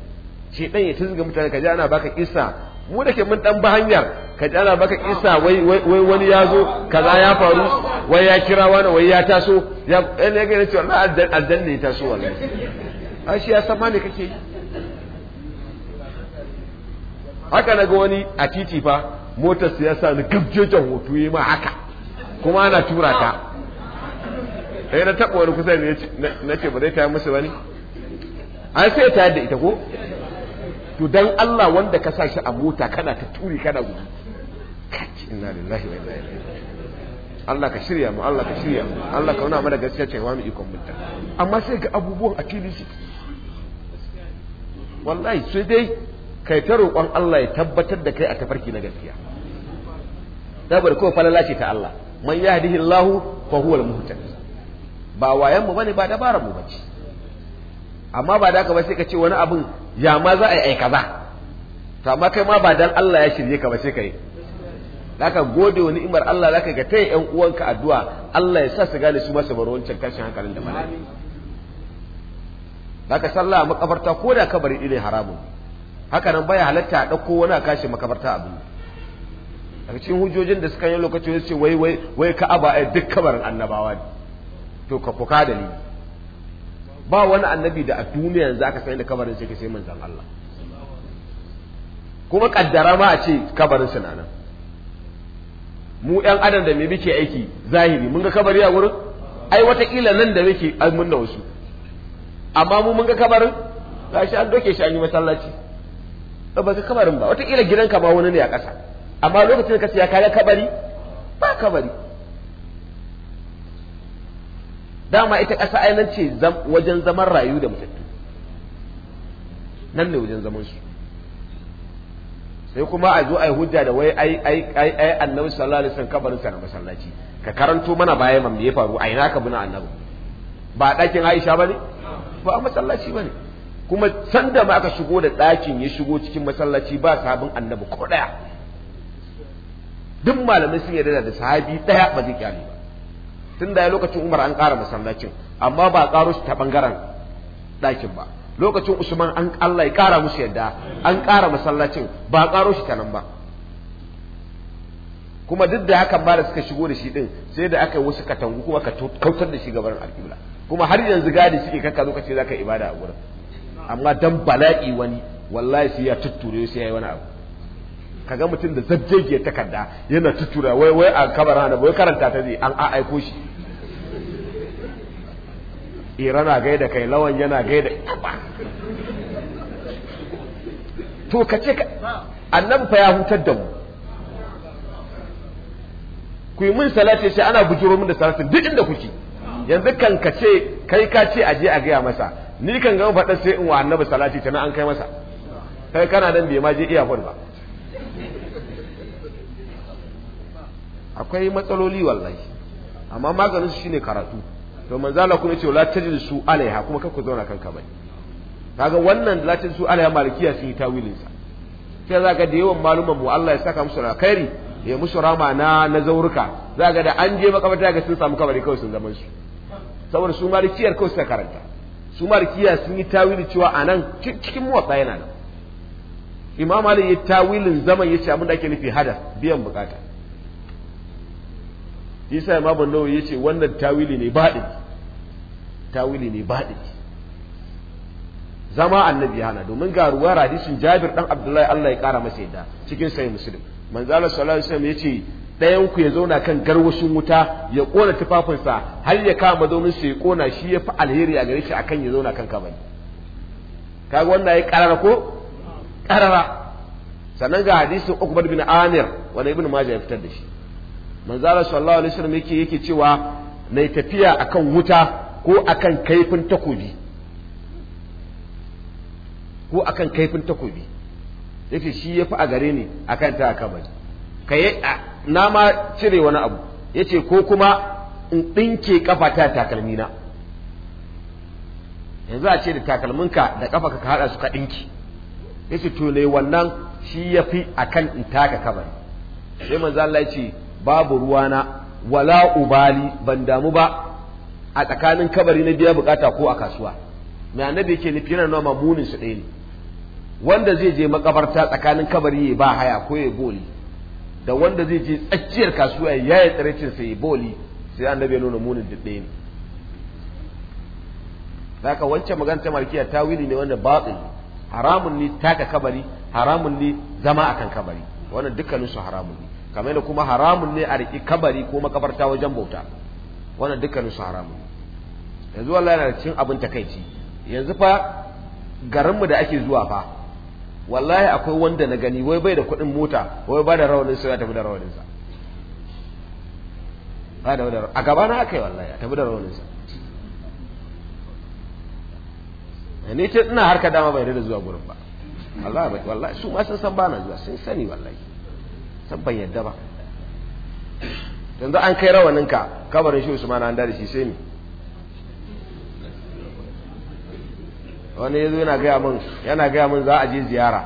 shedan ya ta zuga mutane kaji ana baka isa mu da ke mun dan ba hanyar kaji ana baka ka wai wai wani ya zo kaza ya faru wai ya kira wani wai ya taso ya eh, ne ga ne cewa aljanna ya taso wallahi ashi ya sama ne kake yi haka naga wani a titi fa motar sa ya sa ni gabjejen hoto yi ma haka kuma ana tura ta sai na taɓa wani kusa ne na ce ba zai ta musu bane an sai ta da ita ko to dan Allah wanda ka sa shi a mota kana ta turi kana gudu kaci inna lillahi wa inna ilaihi Allah ka shirya mu Allah ka shirya mu Allah ka nuna mana gaskiya cewa mu ikon mutum amma sai ga abubuwan a cikin shi wallahi sai dai kai ta roƙon Allah ya tabbatar da kai a tafarki na gaskiya saboda kawai falala ce ta Allah man yahdihi Allah fa huwa al ba wayan mu bane ba dabaran mu bace amma ba da ka ba sai ka ce wani abin ya ma za a yi kaza to amma kai ma ba dan Allah ya shirye ka ba sai kai zaka gode wa ni'imar Allah zaka ga tayi ƴan uwanka addu'a Allah ya sa su gane su masa baro wancan kashin hankalin da malami zaka sallah makabarta ko da kabari ne haramun haka nan baya halatta a ɗauko wani a kashe makabarta abin a cikin hujjojin da suka yi lokacin wasu ce wai wai wai aba ai duk kabarin annabawa ne to ka kuka da ni ba wani annabi da a duniya yanzu aka san da kabarin sai sai manzon Allah kuma kaddara ma a ce kabarin su nan mu yan adam da me muke aiki zahiri mun ga kabari a wurin ai watakila nan da muke mun da wasu amma mu mun ga kabarin gashi an doke shi an yi masallaci ba ka kabarin ba wataƙila gidanka ba wani ne a ƙasa amma lokacin da ka siya kayan kabari ba kabari dama ita ƙasa ainihin ce wajen zaman rayu da mutattu nan ne wajen zaman su sai kuma a zo a yi hujja da wai ai ai ai ai annabi sallallahu alaihi wasallam kabarin sa na masallaci ka karanto mana baya man me ya faru na ka buna annabi ba ɗakin Aisha ba ne? ba masallaci ba ne. kuma sanda ma aka shigo da ɗakin ya shigo cikin masallaci ba sabon annabi ko ɗaya duk malamai sun yarda da sahabi ɗaya ba zai kyale ba tun da lokacin umar an ƙara masallacin amma ba ƙaro shi ta ɓangaren ɗakin ba lokacin usman an allah ya ƙara musu yadda an ƙara masallacin ba ƙaro shi ta nan ba kuma duk da haka ba da suka shigo da shi din sai da aka yi wasu katangu kuma ka kautar da shi gaban alƙibla kuma har yanzu gadi suke kakka lokacin ka za ka ibada a wurin amma dan bala'i wani wallahi sai ya tutture sai ya yi wani abu kaga mutum da zabjege takarda yana tuttura wai wai a kabar hana wai karanta ta zai an aiko shi ira eh, na gaida kai lawan yana gaida to ka ce ka annabi fa ya hutar da mu ku yi mun salati sai ana bujuro mun da salatin duk inda kuke yanzu kan ka ce kai ka ce aje a gaya masa ni kan ga faɗa sai in wa annabi salati tana an kai masa kai kana dan bai ma je iya ba akwai matsaloli wallahi amma maganin su shine karatu to manzo Allah kuma yace la tajid su alaiha kuma kar ku zauna kanka bai kaga wannan la tajid su alaiha malikiya sun yi tawilin sa sai zaka da yawan maluman mu Allah ya saka musu alkhairi ya musu rama na na zaurka zaka da an je makabata ga sun samu kabari kawai sun zaman su saboda su malikiyar kawai suka karanta su malikiya sun yi tawili cewa a nan cikin motsa yana nan imam Ali ya tawilin zaman ya ce abin da ake nufi hada biyan bukata isa ya an-nawawi ya ce wannan tawili ne baɗi tawili ne baɗi zama annabi hana domin ga ruwar hadisin jabir dan abdullahi Allah ya kara masa yadda cikin sai muslim manzo sallallahu alaihi wasallam ya ce ɗayan ku ya zauna kan garwashin wuta ya ƙona tufafinsa har ya kama mazaunin sa ya ƙona, shi ya fi alheri a gare shi akan ya zauna kan kabari kaga wannan ya karara ko karara sannan ga hadisin Uqbah bin Amir wani Ibn Majah ya fitar da shi manzara sallallahu alaihi wasallam yake yake cewa nai tafiya akan wuta ko akan kaifin takobi ko akan kaifin takobi yace shi fi a gare ni akan ta aka ka yi na ma cire wani abu ya ce ko kuma in ɗinke kafata takalmina yanzu a ce da takalminka da kafa ka haɗa su ka ɗinki ya ce to ne wannan shi ya fi a kan in taka kabari sai manzo Allah ya ce babu ruwana wala ubali ban damu ba a tsakanin kabari na biya bukata ko a kasuwa mai annabi yake nufi yana nama munin su ɗaya ne wanda zai je makabarta tsakanin kabari ya ba haya ko ya boli. da wanda zai je tsakiyar kasuwa ya yi tsiraicin sai boli sai an dabe nuna munin duk ɗaya ne zaka wancan magana ta wili ne wanda batil haramun ne taka kabari haramun ne zama akan kabari wannan dukkanin su haramun ne kamar da kuma haramun ne a riƙi kabari ko makabarta wajen bauta wannan dukkanin su haramun ne yanzu wallahi yana da cin abin takaici yanzu fa garinmu da ake zuwa fa wallahi akwai wanda na gani wai bai da kuɗin mota wai ba da rawanin sai ya tafi da rawanin sa ba da wadar a gaba na haka yi wallahi a tafi da rawanin sa eh, ne ce ina harka dama bai da zuwa gurin ba wallahi wallahi su ma sun san ba na zuwa sun sani wallahi san ban yadda ba yanzu an kai rawanin ka kabarin shi Usman an dare shi sai ni wani ya zo yana gaya min yana gaya min za a je ziyara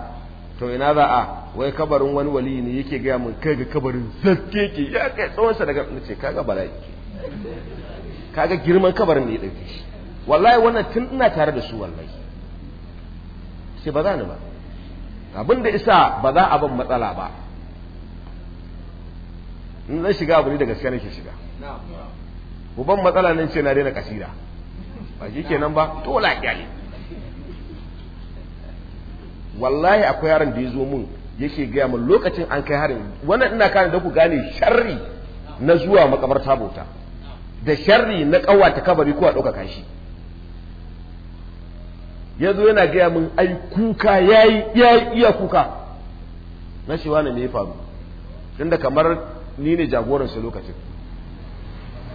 to ina za a wai kabarin wani wali ne yake gaya min kai ga kabarin zakke ke ya kai tsawon sa daga ce kaga bala'i kaga girman kabarin ne ya dauke shi wallahi wannan tun ina tare da su wallahi sai ba za ni ba abin da isa ba za a ban matsala ba in zan shiga abu ne da gaskiya nake shiga uban matsala nan ce na daina kasira ba shi kenan ba to la wallahi akwai yaron da ya zo mun yake gaya mun lokacin an kai harin wannan ina kana da ku gane sharri na zuwa makabarta bauta da sharri na ta kabari ko a ɗaukaka shi ya yana gaya mun ai kuka ya yi iya kuka na shi wani ne ya faru tunda kamar ni ne jagoransa lokacin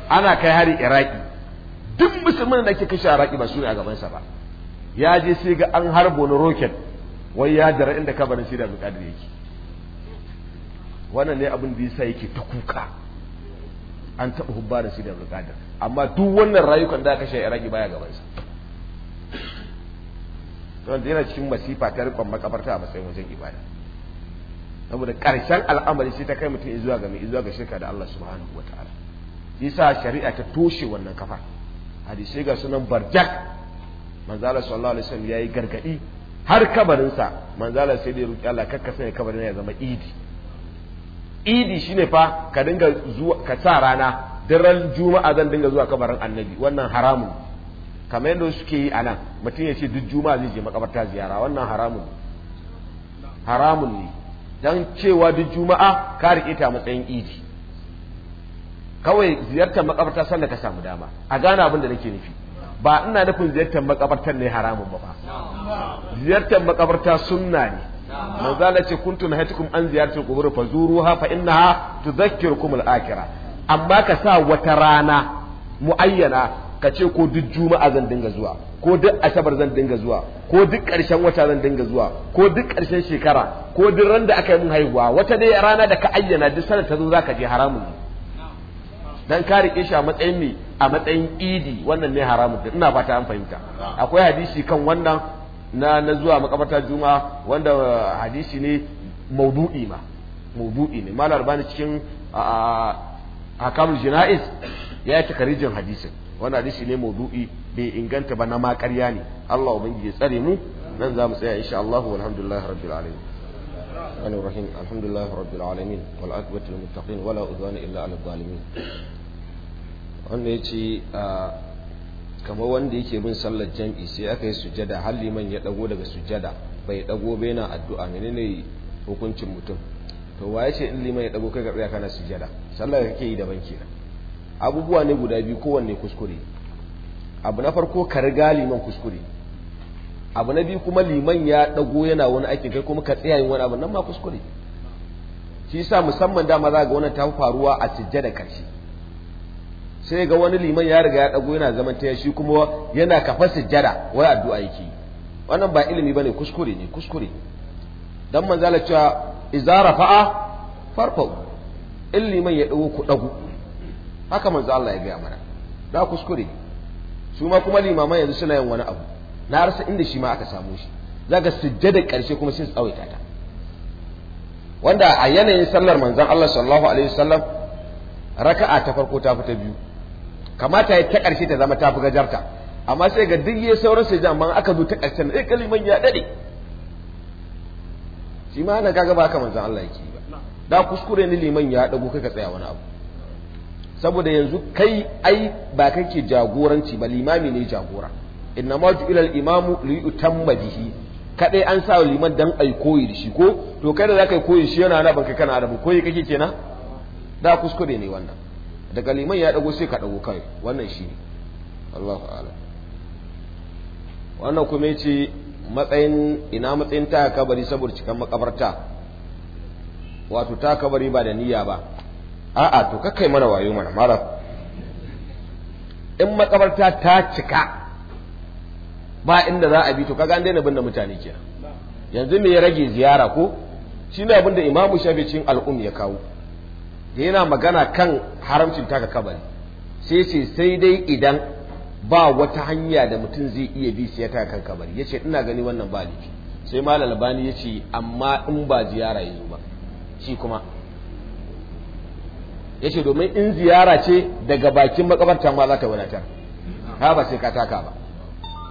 ana kai hari iraki duk musulmin da ake kashe iraki ba su ne a gabansa ba ya je sai ga an harbo na roket wai ya jira inda kabarin shi da bukatar yake wannan ne abin da yasa yake ta kuka an taɓa hubba da shi da amma duk wannan rayukan da aka shi iraki baya gabansa don yana cikin masifa ta rikon makabarta a matsayin wajen ibada saboda ƙarshen al'amari sai ta kai mutum zuwa ga mai zuwa ga shirka da Allah subhanahu wa ta'ala yasa shari'a ta toshe wannan kafa hadisi ga sunan barjak manzo Allah sallallahu alaihi wasallam yayi gargadi har kabarinsa manzala sai dai roki Allah kakka sanya kabarin ya zama idi idi shine fa ka dinga zuwa ka sa rana daren juma'a zan dinga zuwa kabarin annabi wannan haramun kamar yadda suke yi a nan mutum ya ce duk juma'a zai je makabarta ziyara wannan haramun haramun ne dan cewa duk juma'a ka rike ta matsayin idi kawai ziyartar makabarta sanda ka samu dama a gane abin da nake nufi ba ina nufin ziyartar makabartar ne haramun ba ba ziyartar makabarta sunna ne manzo Allah ce kuntu nahatukum an ziyartar qubur fa zuruha fa innaha tudhakkirukum al-akhirah amma ka sa wata rana muayyana ka ce ko duk juma'a zan dinga zuwa ko duk asabar zan dinga zuwa ko duk ƙarshen wata zan dinga zuwa ko duk ƙarshen shekara ko duk ran da aka yi mun haihuwa wata dai rana da ka ayyana duk sanar ta zo zaka je haramun ne dan ka rike shi a matsayin me a matsayin idi wannan ne haramun din ina fata an fahimta akwai hadisi kan wannan na na zuwa makabarta juma'a wanda uh, hadisi ne maudu'i ma maudu'i ne malar bani cikin uh, hakamul jina'is ya yi takarijin hadisin wannan hadisi ne maudu'i bai inganta ba na ma ƙarya ne Allah ubangiji ya tsare mu nan za mu tsaya insha Allah walhamdulillahi rabbil alamin الرحمن الرحيم الحمد لله رب العالمين والعاقبة للمتقين ولا عدوان إلا على الظالمين wanda ya ce kamar wanda yake bin sallar jam'i sai aka yi sujada har liman ya dago daga sujada bai dago bai na addu'a ne hukuncin mutum to wa ya ce in liman ya dago kai ga tsaya kana sujada sallar kake yi daban kenan abubuwa ne guda biyu kowanne kuskure abu na farko ka riga liman kuskure abu na biyu kuma liman ya dago yana wani aikin kai kuma ka tsaya yin wani abu nan ma kuskure shi yasa musamman dama za ga wannan ta faruwa a sujada karshe sai ga wani liman ya riga ya dago yana zaman ta shi kuma yana kafa sujjada wai addu'a yake wannan ba ilimi bane kuskure ne kuskure dan manzala cewa izara fa'a farfa'u in liman ya dago ku dago haka manzo Allah ya ga mana da kuskure su ma kuma limaman yanzu suna yin wani abu na rasa inda shi ma aka samu shi zaka sujjada karshe kuma sai tsawaita ta wanda a yanayin sallar manzon Allah sallallahu alaihi wasallam raka'a ta farko ta fita biyu kamata ya ta ƙarshe ta zama tafi gajarta amma sai ga duk ya sauran sai amma aka zo ta ƙarshe na eh, kaliman ya dade shi ma na gaga ba ka manzan Allah yake ba da kuskure ni liman ya dago kai ka tsaya wani abu saboda yanzu kai ai ba ke jagoranci ba limami ne jagora inna ma ju'ila al-imamu li yutamma bihi kadai an sa liman dan ai koyi da shi ko to kai da zakai koyi shi yana na kai kana arabu koyi kake kenan da kuskure ne wannan daga liman ya dago sai ka dago kai wannan shi ne Allahu a'lam wannan kuma yace matsayin ina matsayin ta kabari saboda cikan makabarta wato ta kabari ba da niyya ba a'a to kai mana wayo mana mara in makabarta ta cika ba inda za a bi to kaga an daina binne mutane kenan yanzu me ya rage ziyara ko shine abinda da shafi cikin al'um ya kawo da yana magana kan haramcin taka kabari sai ce sai dai idan ba wata hanya da mutum zai iya bi sai taka kan kabari yace ina gani wannan ba laifi sai ma malam ya yace amma in ba ziyara ya zo ba shi kuma yace domin in ziyara ce daga bakin makabarta ma za ta wadatar ha ba sai ka taka ba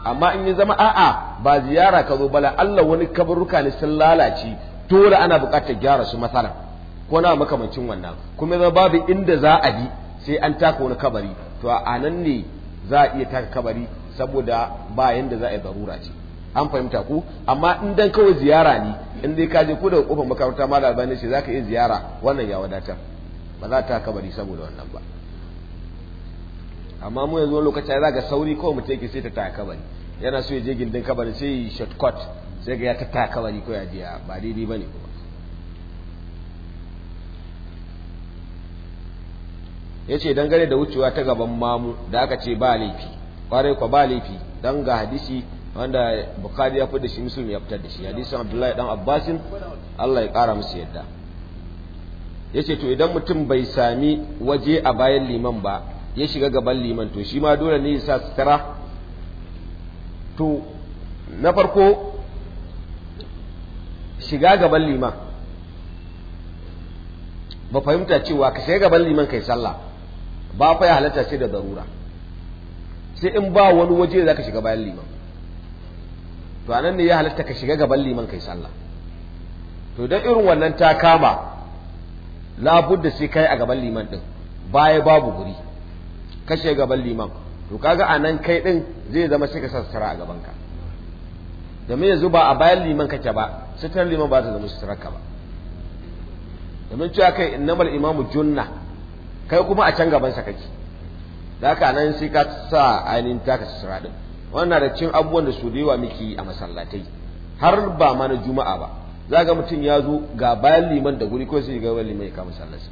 amma in ya zama a'a ba ziyara ka zo bala Allah wani kabaruka ne sun lalace dole ana bukatar gyara su masana ko na makamancin wannan kuma zama babu inda za a bi sai an taka wani kabari to a nan ne za a iya taka kabari saboda ba yanda za a yi zarura ce an fahimta ku amma in dan kawai ziyara ne in dai ka je ko da kofar makaranta ma da albani ce ka iya ziyara wannan ya wadatar ba za ta kabari saboda wannan ba amma mu yanzu wani lokacin ya ga sauri kawai mutum yake sai ta ta kabari yana so ya je gindin kabari sai shortcut sai ga ya ta ta kabari ko ya je ba daidai ne kuma yace dangane da wucewa ta gaban mamu da aka ce ba laifi kwarai kwa ba laifi dan ga hadisi wanda bukhari ya da shi muslim ya fitar da shi hadisi abdullahi dan abbasin Allah ya kara musu yadda yace to idan mutum bai sami waje a bayan liman ba ya shiga gaban liman to shi ma dole ne ya sa sutura to na farko shiga gaban liman ba fahimta cewa ka shiga gaban liman kai sallah ba fa ya halatta shi da zarura sai in ba wani waje za ka shiga bayan liman to anan ne ya halatta ka shiga gaban liman kai sallah to dan irin wannan ta kama labudda sai kai a gaban liman din baya babu guri ka shiga gaban liman to kaga anan kai din zai zama shi ka sassara a gaban ka domin yanzu ba a bayan liman kake ba sitar liman ba ta zama ka ba domin cewa kai innamal imamu junna kai kuma a can gabansa kake da haka nan sai ka sa ainihin taka sutura din wannan da cin abubuwan da su da miki a masallatai har ba ma na juma'a ba za ga mutum ya zo ga bayan liman da guri ko sai ga bayan liman ya kama sallarsa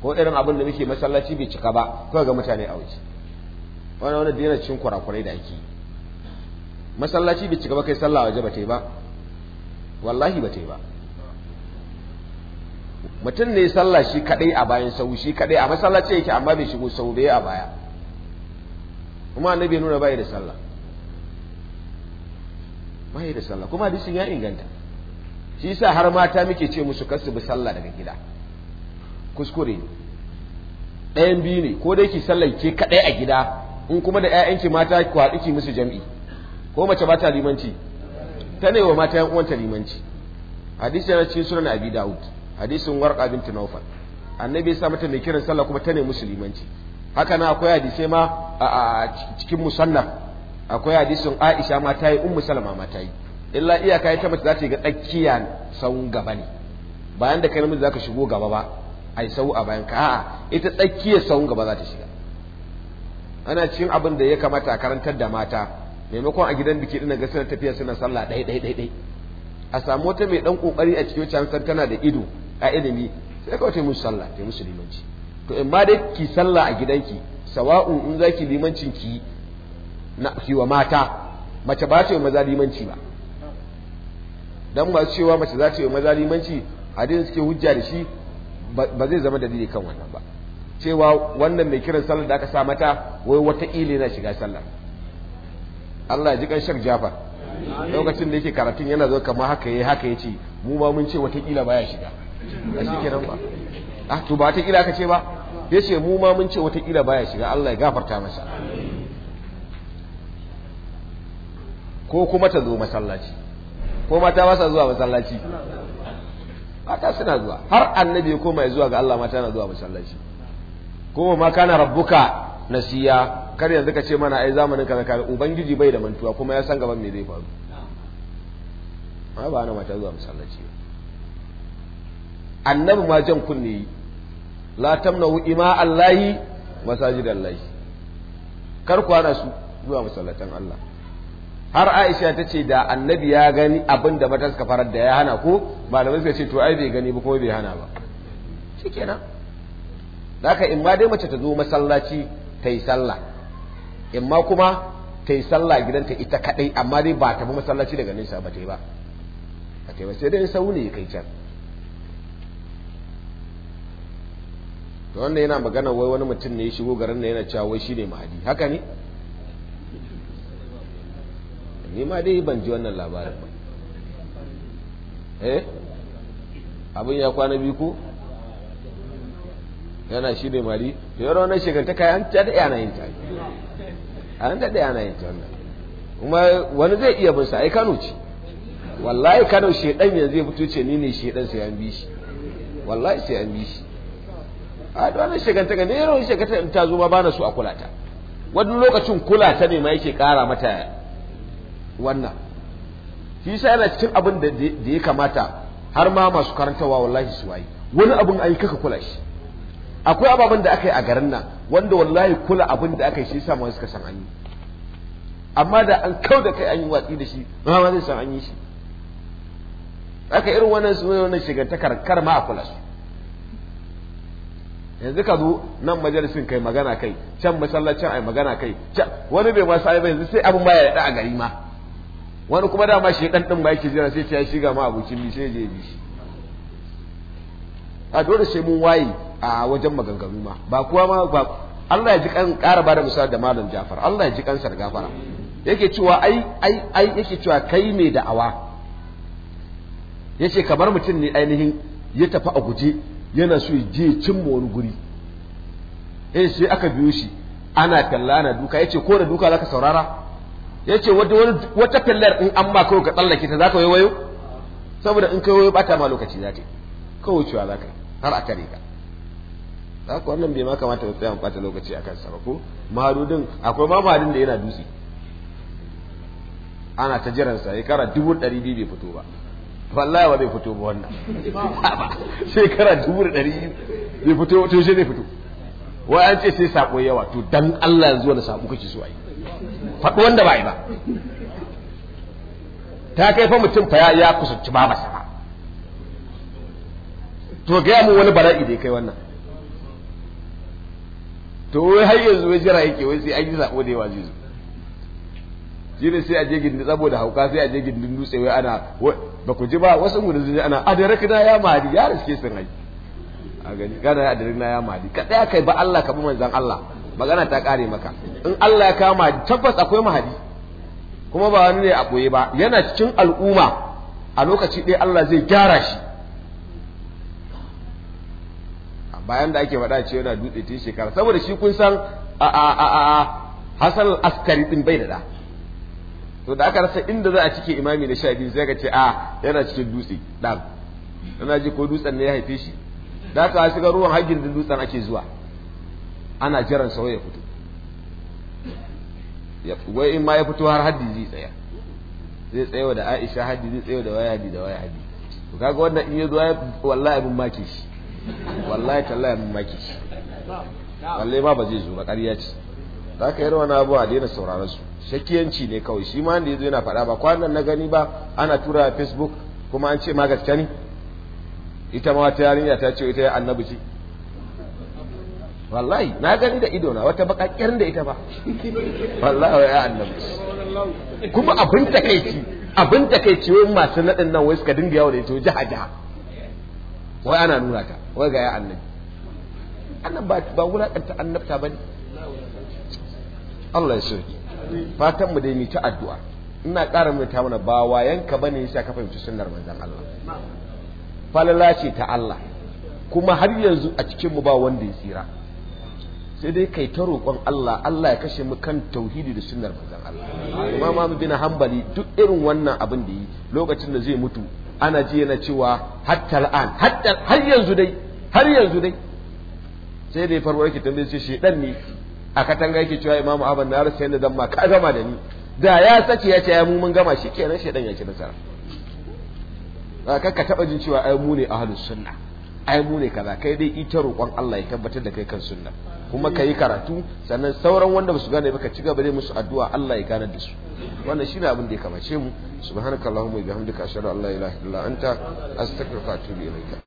ko irin abin da muke masallaci bai cika ba ko ga mutane a waje wannan wani dena cin kurakurai da ake masallaci bai cika ba kai sallah waje ba ta yi ba wallahi ba ta yi ba mutum ne sallah shi kadai a bayan sau shi kadai a masallaci yake amma bai shigo sau bai a baya kuma annabi nuna bai da sallah bai da sallah kuma hadisin ya inganta shi yasa har mata muke ce musu kasu bi sallah daga gida kuskure ne ɗayan biyu ne ko dai ki sallar ke kadai a gida in kuma da ƴaƴanki mata ku haɗu ki musu jam'i ko mace ba ta limanci ta ne wa mata ƴan uwanta limanci hadisi yana cikin sunan abi da'ud hadisin warqa Bint nawfal annabi ya sa mata mai kiran sallah kuma ta ne musulmanci haka na akwai hadisai ma a cikin musanna akwai hadisin Aisha ma ta yi ummu Salama ma ta yi illa iyaka ita mace za ta yi ga tsakiya sawun gaba ne bayan da kai namiji zaka shigo gaba ba ai sau a bayan ka a'a ita tsakiyar sawun gaba za ta shiga ana cikin abin da ya kamata a karantar da mata maimakon a gidan biki dinnan ga suna tafiya suna sallah ɗai ɗai ɗai a samu wata mai ɗan ƙoƙari a cikin wacce tana da ido a ilimi sai kawai ta sallah ta musu limanci to in ma dai ki sallah a gidanki sawa'un in za ki limancin ki na ki wa mata mace ba ce maza limanci ba dan ba cewa mace za ce maza limanci hadisin suke hujja da shi ba zai zama dalili kan wannan ba cewa wannan mai kiran sallar da aka sa mata wai wata ile na shiga sallar Allah ya ji shak Jafar lokacin da yake karatun yana zo kamar haka yayi haka yace mu ba mun ce wata ila baya shiga a shi kenan ba ah to ba wataƙila aka ce ba ya ce mu ma mun ce wata wataƙila baya shiga Allah ya gafarta masa ko kuma ta zo masallaci ko mata ba sa zuwa masallaci mata suna zuwa har annabi ya koma zuwa ga Allah mata na zuwa masallaci ko ma kana rabbuka nasiya kar yanzu ka ce mana ai zamanin kaza kaza ubangiji bai da mantuwa kuma ya san gaban me zai faru ba na mata zuwa masallaci ba annabi ma jan kunne yi la tamnahu ima allahi allahi kar kwana su zuwa masallatan Allah har Aisha ta ce da annabi ya gani abinda da farar da ya hana ko malamai suka ce to ai bai gani ba kuma bai hana ba shikenan haka in ma dai mace ta zo masallaci ta yi sallah in ma kuma ta yi sallah gidanta ita kadai amma dai ba ta bi masallaci daga nesa ba ta yi ba ba ta yi ba sai dai sau ne kai can to wanda yana magana wai wani mutum ne ya shigo garin da yana cewa wai shine mahadi haka ne ni ma dai ban ji wannan labarin ba eh abin ya kwana biyu ko yana shi ne mari to yaro ta shekantaka an ta daya na yin ta an ta daya na yin ta wannan kuma wani zai iya bin sa ai Kano ce wallahi Kano shedan yanzu ya fito ce ni ne shedan sai an bi shi wallahi sai an bi shi a wannan shagantaka ga nero shagantaka in ta zo ma bana so a kulata. wani lokacin kula ta ne ma yake kara mata wannan shi yasa yana cikin abin da ya kamata har ma masu karantawa wallahi su waye, wani abin ayi kaka kula shi akwai ababen da aka yi a garin nan wanda wallahi kula abin da aka yi shi yasa ma suka san an yi amma da an kau da kai an yi watsi da shi ma ma zai san an yi shi aka irin wannan su wannan ma a kula su yanzu ka zo nan majalisin kai magana kai can masallacin ai magana kai wani bai ma sai yanzu sai abin ma ya a gari ma wani kuma dama shi dan din ba yake jira sai ya shiga ma abokin bi sai je bi shi a dole sai mun waye a wajen maganganu ma ba kuwa ma ba Allah ya ji kan ƙara ba da misali da malam Jafar Allah ya ji kan da gafara yake cewa ai ai ai yake cewa kai mai da'awa yace kamar mutum ne ainihin ya tafi a guje yana so je cimma wani guri eh sai aka biyo shi ana kalla ana duka yace ko da duka zaka saurara yace wata wata kallar in an ma kawai ka tsallake ta zaka wayo saboda in kai wayo bata ma lokaci zaka kawai cewa zaka har a kare ka zaka wannan bai ma kamata mu tsaya mu bata lokaci akan sa ba ko mahadudin akwai ma mahadin da yana dutse ana ta jiran sa ya kara dubu ɗari biyu bai fito ba wallahi ba zai fito ba wannan shekara dubu da ɗari zai fito to shi zai fito wa an ce sai sako yawa to dan Allah yanzu wani sako kake so ai yi faɗi wanda ba yi ba ta kai fa mutum fa ya kusanci ba ba sama to gaya mu wani bala'i da ya kai wannan to wai har yanzu wai jira yake wai sai an yi sako da yawa zai zo shi ne sai a je gindin saboda hauka sai a je gindin dutse wai ana ba ku ji ba wasu mu da ana na ya mahadi ya riske sun hai a gani kana na ya mahadi ka tsaya kai ba Allah ka bi manzon Allah magana ta kare maka in Allah ya kama tabbas akwai mahadi kuma ba wani ne a ɓoye ba yana cikin al'umma a lokaci ɗaya Allah zai gyara shi bayan da ake faɗa cewa yana dutse tun shekara saboda shi kun san a a a Hassan Askari din bai da da so da aka rasa inda za a cike imami na sha biyu sai ka ce a ah, yana cikin dutse dan ana ji ko dutsen ne ya haife shi da aka shiga ruwan hagin din dutsen ake zuwa ana jiran sau ya fito wai in ma ya fito har haddi zai tsaya zai tsaya da Aisha haddi zai tsaya da waya haddi da waya haddi to kaga wannan in ya zo wallahi mun maki shi wallahi tallahi mun maki shi wallahi ba ba zai zo ba ƙarya ce za ka yi na abuwa daina sauraron su shakiyanci ne kawai shi ma da yazo yana faɗa ba kwanan na gani ba ana tura a facebook kuma an ce ma gaske ne ita ma wata yarinya ta ce ita ya annabi ce wallahi na gani da idona wata bakakkiyar da ita ba wallahi ya annabi kuma abin takaici abin takaici wai masu nadin nan wai suka dinga yawo da ita jaha wai ana nuna ta wai ga ya annabi annabi ba wulakanta annabta ba ne, Allah ya sauke fatan mu dai mu ta addu'a ina ƙara mu ta mana ba yanka bane yasa ka fahimci sunnar manzon Allah falala ce ta Allah kuma har yanzu a cikin mu ba wanda ya tsira sai dai kai ta roƙon Allah Allah ya kashe mu kan tauhidi da sunnar manzon Allah amma ma mu bina Hanbali duk irin wannan abin da yi lokacin da zai mutu ana ji yana cewa hatta al'an har yanzu dai har yanzu dai sai dai farwar ki tambaye shi shedan ne a katanga yake cewa imamu abin na rasa yadda zan ka gama da ni da ya sake ya ce ya mun gama shi kenan shaidan ya ci nasara za ka taba jin cewa ai mu ne ahlus sunna ai mu ne kaza kai dai ita roƙon Allah ya tabbatar da kai kan sunna kuma ka yi karatu sannan sauran wanda ba su gane ba ka ci gaba da musu addu'a Allah ya gane da su wannan shine abin da ya kamace mu subhanakallahumma wa bihamdika ashhadu an la ilaha illa anta astaghfiruka wa atubu ilaika